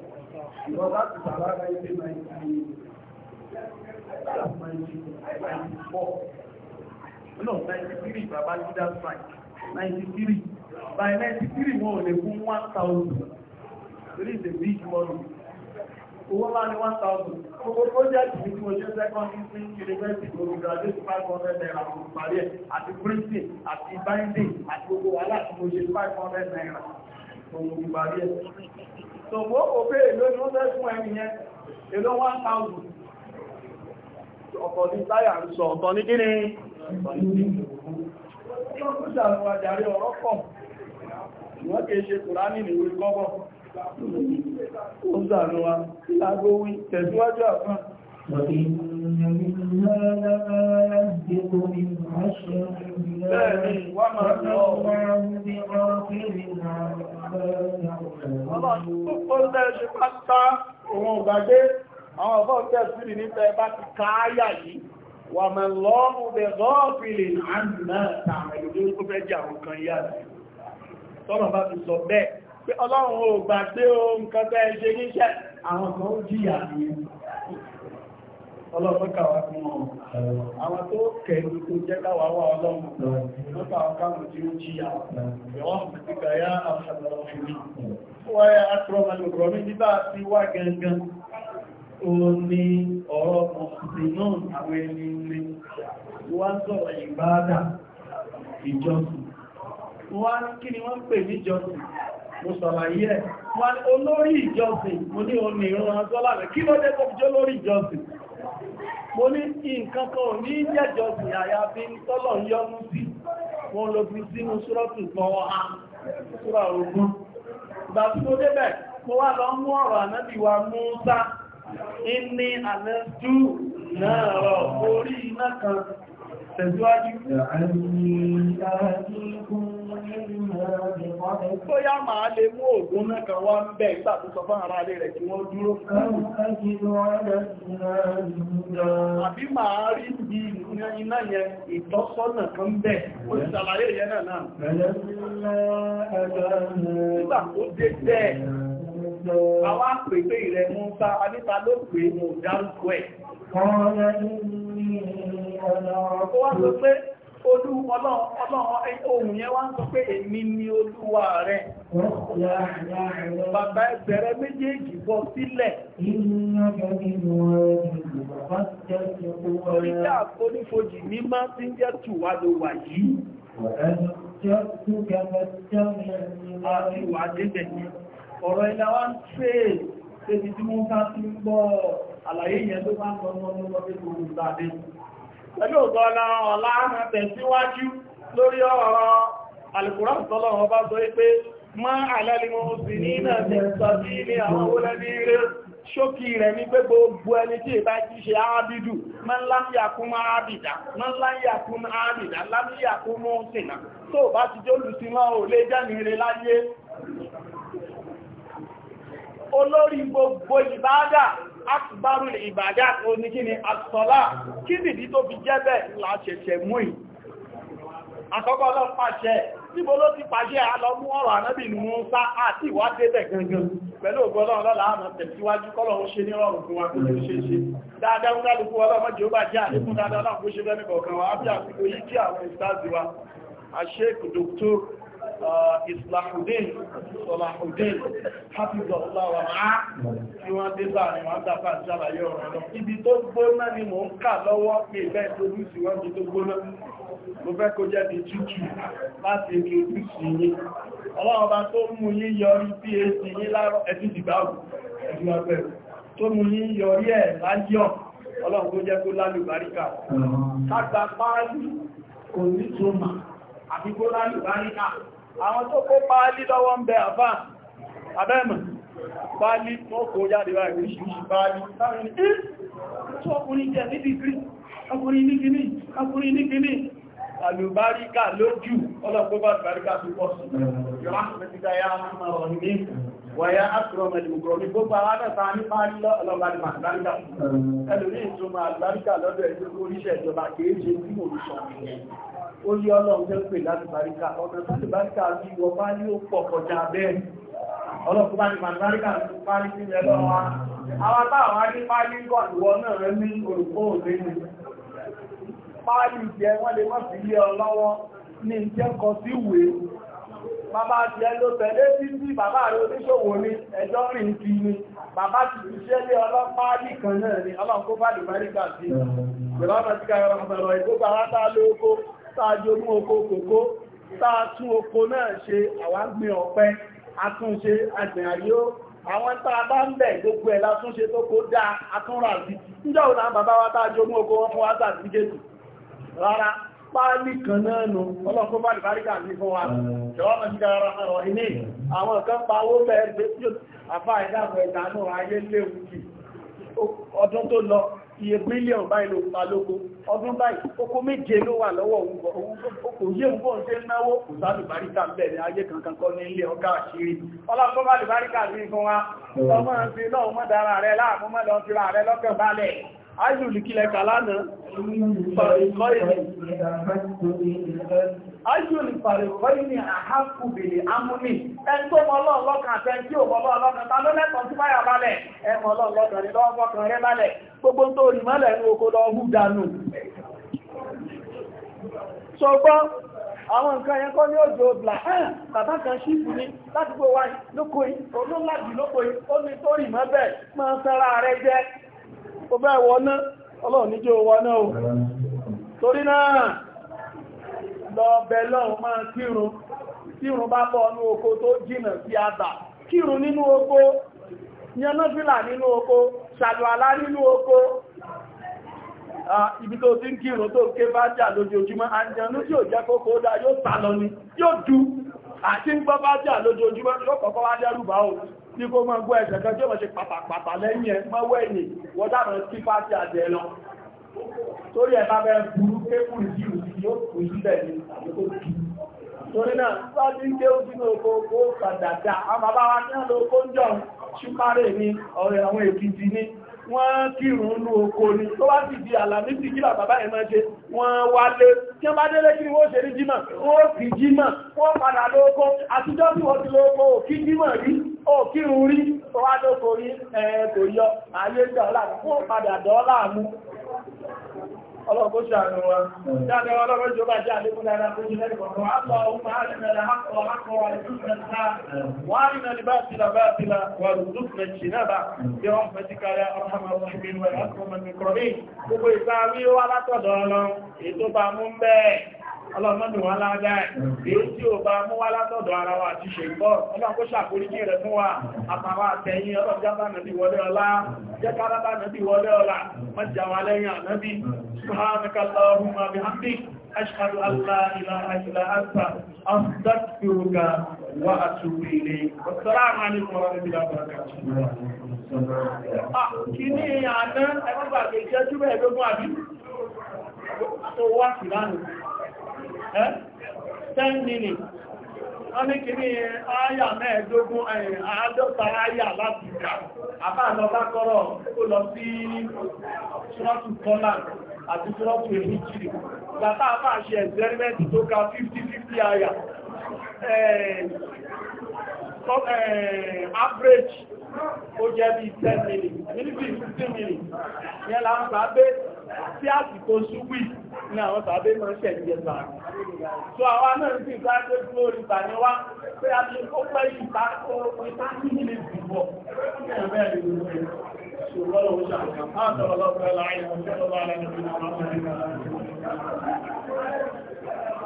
ìwọ̀n bá ti sàrá rẹ̀ ilé náà ìgbẹ́ No, 93 Babangida strike. 93. By 93, wọn ò lè fún 1,000. There is a big money. Owó máa ní one thousand. Gbogbo project mi tí mo ṣe secondary school university mo fi graduate five hundred naira mo fi parí ẹ̀ àti printing àti binding àti gbogbo wàhálà tí mo ṣe five hundred naira mo fi parí ẹ̀. Sọ̀gbọ́n òfé èlò ni wọ́n fẹ́ fún ẹni yẹn èlò one thousand. Ọ̀pọ̀ ní táyà ń sọ ọ̀tọ̀ ní kíni? Ọ̀tọ̀ ní kíni? Ọlọ́run ṣàlùwàjàrí ọ̀rọ̀ pọ̀. Ìwọ́n kìí ṣe Kùránì nìwé kọ́bọ̀ ó sàánú wa lágbó wí tẹ̀síwájú àfán Bẹ́ẹ̀ni, wọ́n máa ń lọ ọ̀rọ̀ ṣe pátá òun ògbàgbé àwọn ọ̀fọ́ tẹ̀sìrì nípa bá ti kááyà yìí wà mẹ́ lọ́mù bẹ̀ gọ́ọ̀fìlì àmì náà tààrẹ̀ lórí ó fẹ́ jẹ́ àwọn kan yára. Tọ́nà bá ti sọ bẹ́ẹ̀ pé ọlọ́run ò gbà pé o nǹkan tẹ́ ẹ ṣe níṣẹ́ àwọn kan ó jìyà ní ọlọ́run kàwà fún wọn àwọn tó kẹ̀lú tó jẹ́ káwà wà ọlọ́run lọ́kàwà káwà tí ó jìyà ìwọ́n ti gàyà àṣàbẹ̀rẹ̀ ọ̀fìn wọ́n yẹ àtúrọ̀mọ̀lùrọ̀ mi kí ni wọ́n pè ní ìjọsìn mo sọ̀làyé ẹ̀ wọ́n olórí ìjọsìn mo ní omi ìran sọ́lá rẹ̀ kí ló dé tó jẹ́ olórí ìjọsìn mo ní nǹkan ní jẹ́jọsìn tọ́lọ̀ sí wọn ló fi sínú tí mo tẹ̀síwájú bóyá máa lè mú ògùn náà kan wá ń bẹ̀ ìgbà tó sọ fún ara rẹ̀ kí wọ́n dúró àbí máa rí bí iná yẹn ìtọ́sọ́nà kan bẹ̀ ó ti sàlàyé yẹn náà náà nígbà tó dé bẹ́ẹ̀ àwọn àpègbè ìrẹ̀mú ta anítà ló pè mú dárúkọ ẹ̀ Wọ́n sọ pé olú ọlọ́run ohun yẹn wá ń sọ pé èmi ni olúwa rẹ̀. Bàbá ẹgbẹ̀rẹ̀ méjèèjì bọ́ sílẹ̀. Oríta àfonífojì mímọ́ tí ń jẹ́ tùwà ló wà yìí. Ọ̀rọ̀ ìlàwà ń tẹ́ àlàyé yẹn tó bá ń lọ mọ́ lọ́wọ́ bí kò rú tàbí pẹ̀lú ọ̀gọ́ ọlá tẹ̀síwájú lórí ọ̀rọ̀ alìkùrán tọ́lọ̀ ọba sọ pé má alẹ́lìmọ̀ òsì ní náà ti sọ sí ilé àwọn olẹ́bí rẹ̀ ṣókí rẹ̀ ní pé gbogbo ẹni tí ìbá kí ṣe ábìdù mọ́ láyàkún ábìdà mọ́ láyàkún ábìdà láyàkún mọ́sìnà tó gbogbo ìbádà akbaru ìbàdá oníkíni asọ́lá kí nìdí tó fi jẹ́ bẹ́ẹ̀ láṣẹ̀ṣẹ̀ mú ì àkọ́kọ́ lọ pàṣẹ níbo ló ti pàṣẹ alọ́mú ọ̀rọ̀ ànábì Mùsá àti ìwádẹ́bẹ̀ gangan pẹ̀lú ògbọ́lọ́run lọ́la àmà tẹ̀síwájú kọ́lọ̀run ṣe ní rọrùn fún wa tó lè ṣe ṣe dáadáa ń dálùkú ọlọ́mọ́jì ó bá jẹ́ àlékún dáadáa láàkóṣe lẹ́nìkọ̀ọ̀kan wa á bí àsìkò yìí kí àwọn ìsáàzì wa àṣẹ́kù dókítà Islahudin, Solahudin, Hafizullah wa máa tí wọ́n dé bá ní wọ́n dáfà ṣàlàyé ọ̀rọ̀ lọ. Ibi tó gbóná ni mò ń kà lọ́wọ́ pé bẹ́ẹ̀ tó rú sí wọ́n tó gbóná. Mo fẹ́ kó jẹ́ bí tútù láti rí rú sí yí. Ọlọ́run bá tó mú yí yọrí bí èsì yí lárọ́ ẹ̀tí dìgbàwó, ẹ̀tí ọgbẹ̀rẹ̀. Tó mú yí yọrí ẹ̀ láyọ̀, ọlọ́run kó jẹ́ kó lálùbáríkà. Ká gba páálí, kò ní tó mà, àbí kó lálùbáríkà àwọn tó kó páálí lọ́wọ́ ń bẹ àfá abẹ́mù páálí tó kó jáde wá ìrísìírísìí páálí láàrin ní tí ọkùnrin jẹ́ níbi gírí ọkùnrin ní gíní ọkùnrin ní gíní àlùbáríkà lójú ọlọ́pọ̀pọ̀ àlùbáríkà tó pọ̀ sí yọ́n mẹ́tíkà yá máa rọ̀ ní wọ̀yá ákùrọ̀mọ̀ ìlúgbọ̀rọ̀ ní gbogbo àwọn àdọ́ta ní máa ní ọlọ́gbàdìmọ̀ àgbàríkà ẹlòmí ìtumọ̀ àgbàríkà lọ́dọ̀ ẹgbẹ́ oríṣẹ́ ìjọba kìí ṣe tí mò ń sọ ó yí ọlọ́run jẹ́ pè láti baríkà ọ̀nà láti baríkà bí wọ́n bá ní ó pọ̀ kọjá bẹ́ẹ̀ ọlọ́pùpá ní baríkà ní parí sí rẹ̀ lọ́wọ́ àwọn táwọn ní parí gọ́ ìwọ náà rẹ̀ ní olùkọ́ òlẹ́ni parí jẹ́ wọ́n lè mọ́ sí ilé ọlọ́wọ́ ní ìjẹ́kọ sí ìwé bàbá ti ẹ ló tẹ̀lé títí bàbá rẹ̀ oníṣòwò ní ẹjọ́ rìn kí ni bàbá ti fi ṣẹ́ lé ọlọ́pàá ní kan náà ni ọlọ́pàá bá lè bá rí gbà sí ìrọ́nà tí ká yọrọ̀ ọ̀rọ̀ ìgbógbà látà lóko tààjò mú oko kòkó tààtún oko náà ṣe àwa gbìn ọ̀pẹ àtúnṣe àgbìn àyó àwọn tàà bá ń bẹ̀ gbogbo ẹ̀ látúnṣe tó kó dá àtúnrà sí níjọ́ òun náà bàbá wa tààjò mú oko wọn fún wa sàtífíkẹ́tì rárá páálí kan náà nù ọlọ́pọ̀ bá ìbáríkà ní fún wa jọwọ́ mọ̀ sí dára ọ̀rọ̀ ilé àwọn kan pa owó bẹ̀ẹ́ iye mílíọ̀n báyìí ló pa lóko ọdún báyìí oko méje ló wà lọ́wọ́ òkò yé ń bọ́ ń tẹ́ náwó kò sáàlù báríkà ń bẹ̀rẹ̀ ayé kankan kọ́ ní ilé ọkà àṣírí ọlọ́pọ̀ bá lè báríkà sí fún wa ọmọ ìfẹ́ náà mọ́ dára rẹ̀ láàmú mọ́ lọ fi ra rẹ̀ lọ́kàn balẹ̀ ájùlùkílẹ̀ kàlánà fàríkọ́ ìní àhákùbìlì amúnì ẹ̀tọ́ mọ́lọ́ ọlọ́kan àtẹ́ tí ò mọ́lọ́ ọlọ́kan ta ló lẹ́tọ̀ tí báyà balẹ̀ ẹmọ́lọ́ ọlọ́kan rí lọ́wọ́kan rẹ balẹ̀ gbogbo tó rí oko àwọn nǹkan ní òjò òbìlà bàbá kan ní láti ó tó bẹ́ẹ̀ wọná ọlọ́run níjó wọná o torí náà lọ bẹ lọ́run máa kírun kírun bá bọ́ ọnú oko tó jìnà sí àbà kírun nínú oko yanáfílà nínú oko ṣàlùwàlá nínú oko ibi tó ti ń kírun tó ké bá jà ni yóò du àti ń gbọ́ bá jà tí kó máa gbọ́ ẹ̀sẹ̀ kan tí ó máa ṣe pàtàpàtà lẹ́yìn ẹ̀ máa wẹ́ ìyè wọ́n dáhùn sí pàtí àjẹ́ lọ torí ẹ̀ bá bẹ́ẹ̀ burú kékù ìdí òsì yóò kù síbẹ̀ ní àbúkò kí torí náà sáájú ń ké ojú ní oko kó kàdàdà àwọn bàbá wa ní àlọ́ kó ń jọ wọ́n kírùn ún oko ni tó wá sì di àlàmísì kí làbàbá ẹ̀ máa ṣe wọ́n wálé tí wọ́n bá délé kí wọ́n ṣe ní jímọ̀ wọ́n fi jímọ̀ wọ́n padà lóko àtijọ́ bí wọ́n ti lóko òkí jímọ̀ rí òkírun rí tó wá lóko rí ẹ̀ẹ́ kò yọ ayé dọ́là wọ́n padà dọ́là mú ọlọ́pọ̀ ṣàánú wa dáadáa ọlọ́pọ̀ jọba jẹ́ àdékún dáadáa tó jẹ́ lẹ́gbọ̀n wa àpọ̀ ọmọ àrìnà àpọ̀ àpọ̀ àìsíkẹta wà àrìnà ní báṣìlá báṣìlá wà rùdúkùnà ṣìnàbà yọ ọmọ ti kárí ọmọ ọmọbìnrin wà lákọọmọ mìkọrí gbogbo ìsáwí wà látọ̀dọ̀ ọlọ́ ètò bá mú bẹ́ẹ̀ ọlọ́mọdún wa ládáì èyí tí ó bá mú wá látọ̀dọ̀ ara wa àti ṣe ìbọ̀ ọlọ́pọ̀ ṣàkóríkí سبحانك اللهم بحمدك أشهد أن لا إله إلا أنت أستغفرك وأتوب إليك والسلام عليكم ورحمة الله وبركاته Kìní àná ẹgbẹ́gbà lè jẹ́ túbẹ̀ ẹgbẹ́gbà àbí tó wá sí lánàá. Ẹ́ 10 minutes. Wọ́n ní kìní ayà mẹ́ẹ̀dógún àádọ́ta ayà láti ìkà. Àbá lọ bá kọ́rọ̀ ó lọ sí Ṣọ́tù Kọ́lá àti sọ́tù ìhìjìrì gbàtà àpá àṣẹ ẹ̀sẹ̀rẹ́mẹ́tì tó ka 50-50 àyà eh, eh, average ó jẹ́ bí 10 mìírì mílíbì 50 mìírì yẹ́ là ń gbà bẹ́ẹ̀ tí àsìkò ṣúgbì ní àwọn tàbí mọ́ ṣẹ̀díyẹ sàárì. So àwa náà ti gbá pé lórí ìbàní wá pé a ti kó pẹ́ ìta kó ìta sí ilé ìdìbò. Ṣùgbọ́n òun ṣàkàn, máa tọ̀rọ̀ lọ́pẹ́ láàrin ọjọ́ lọ́wọ́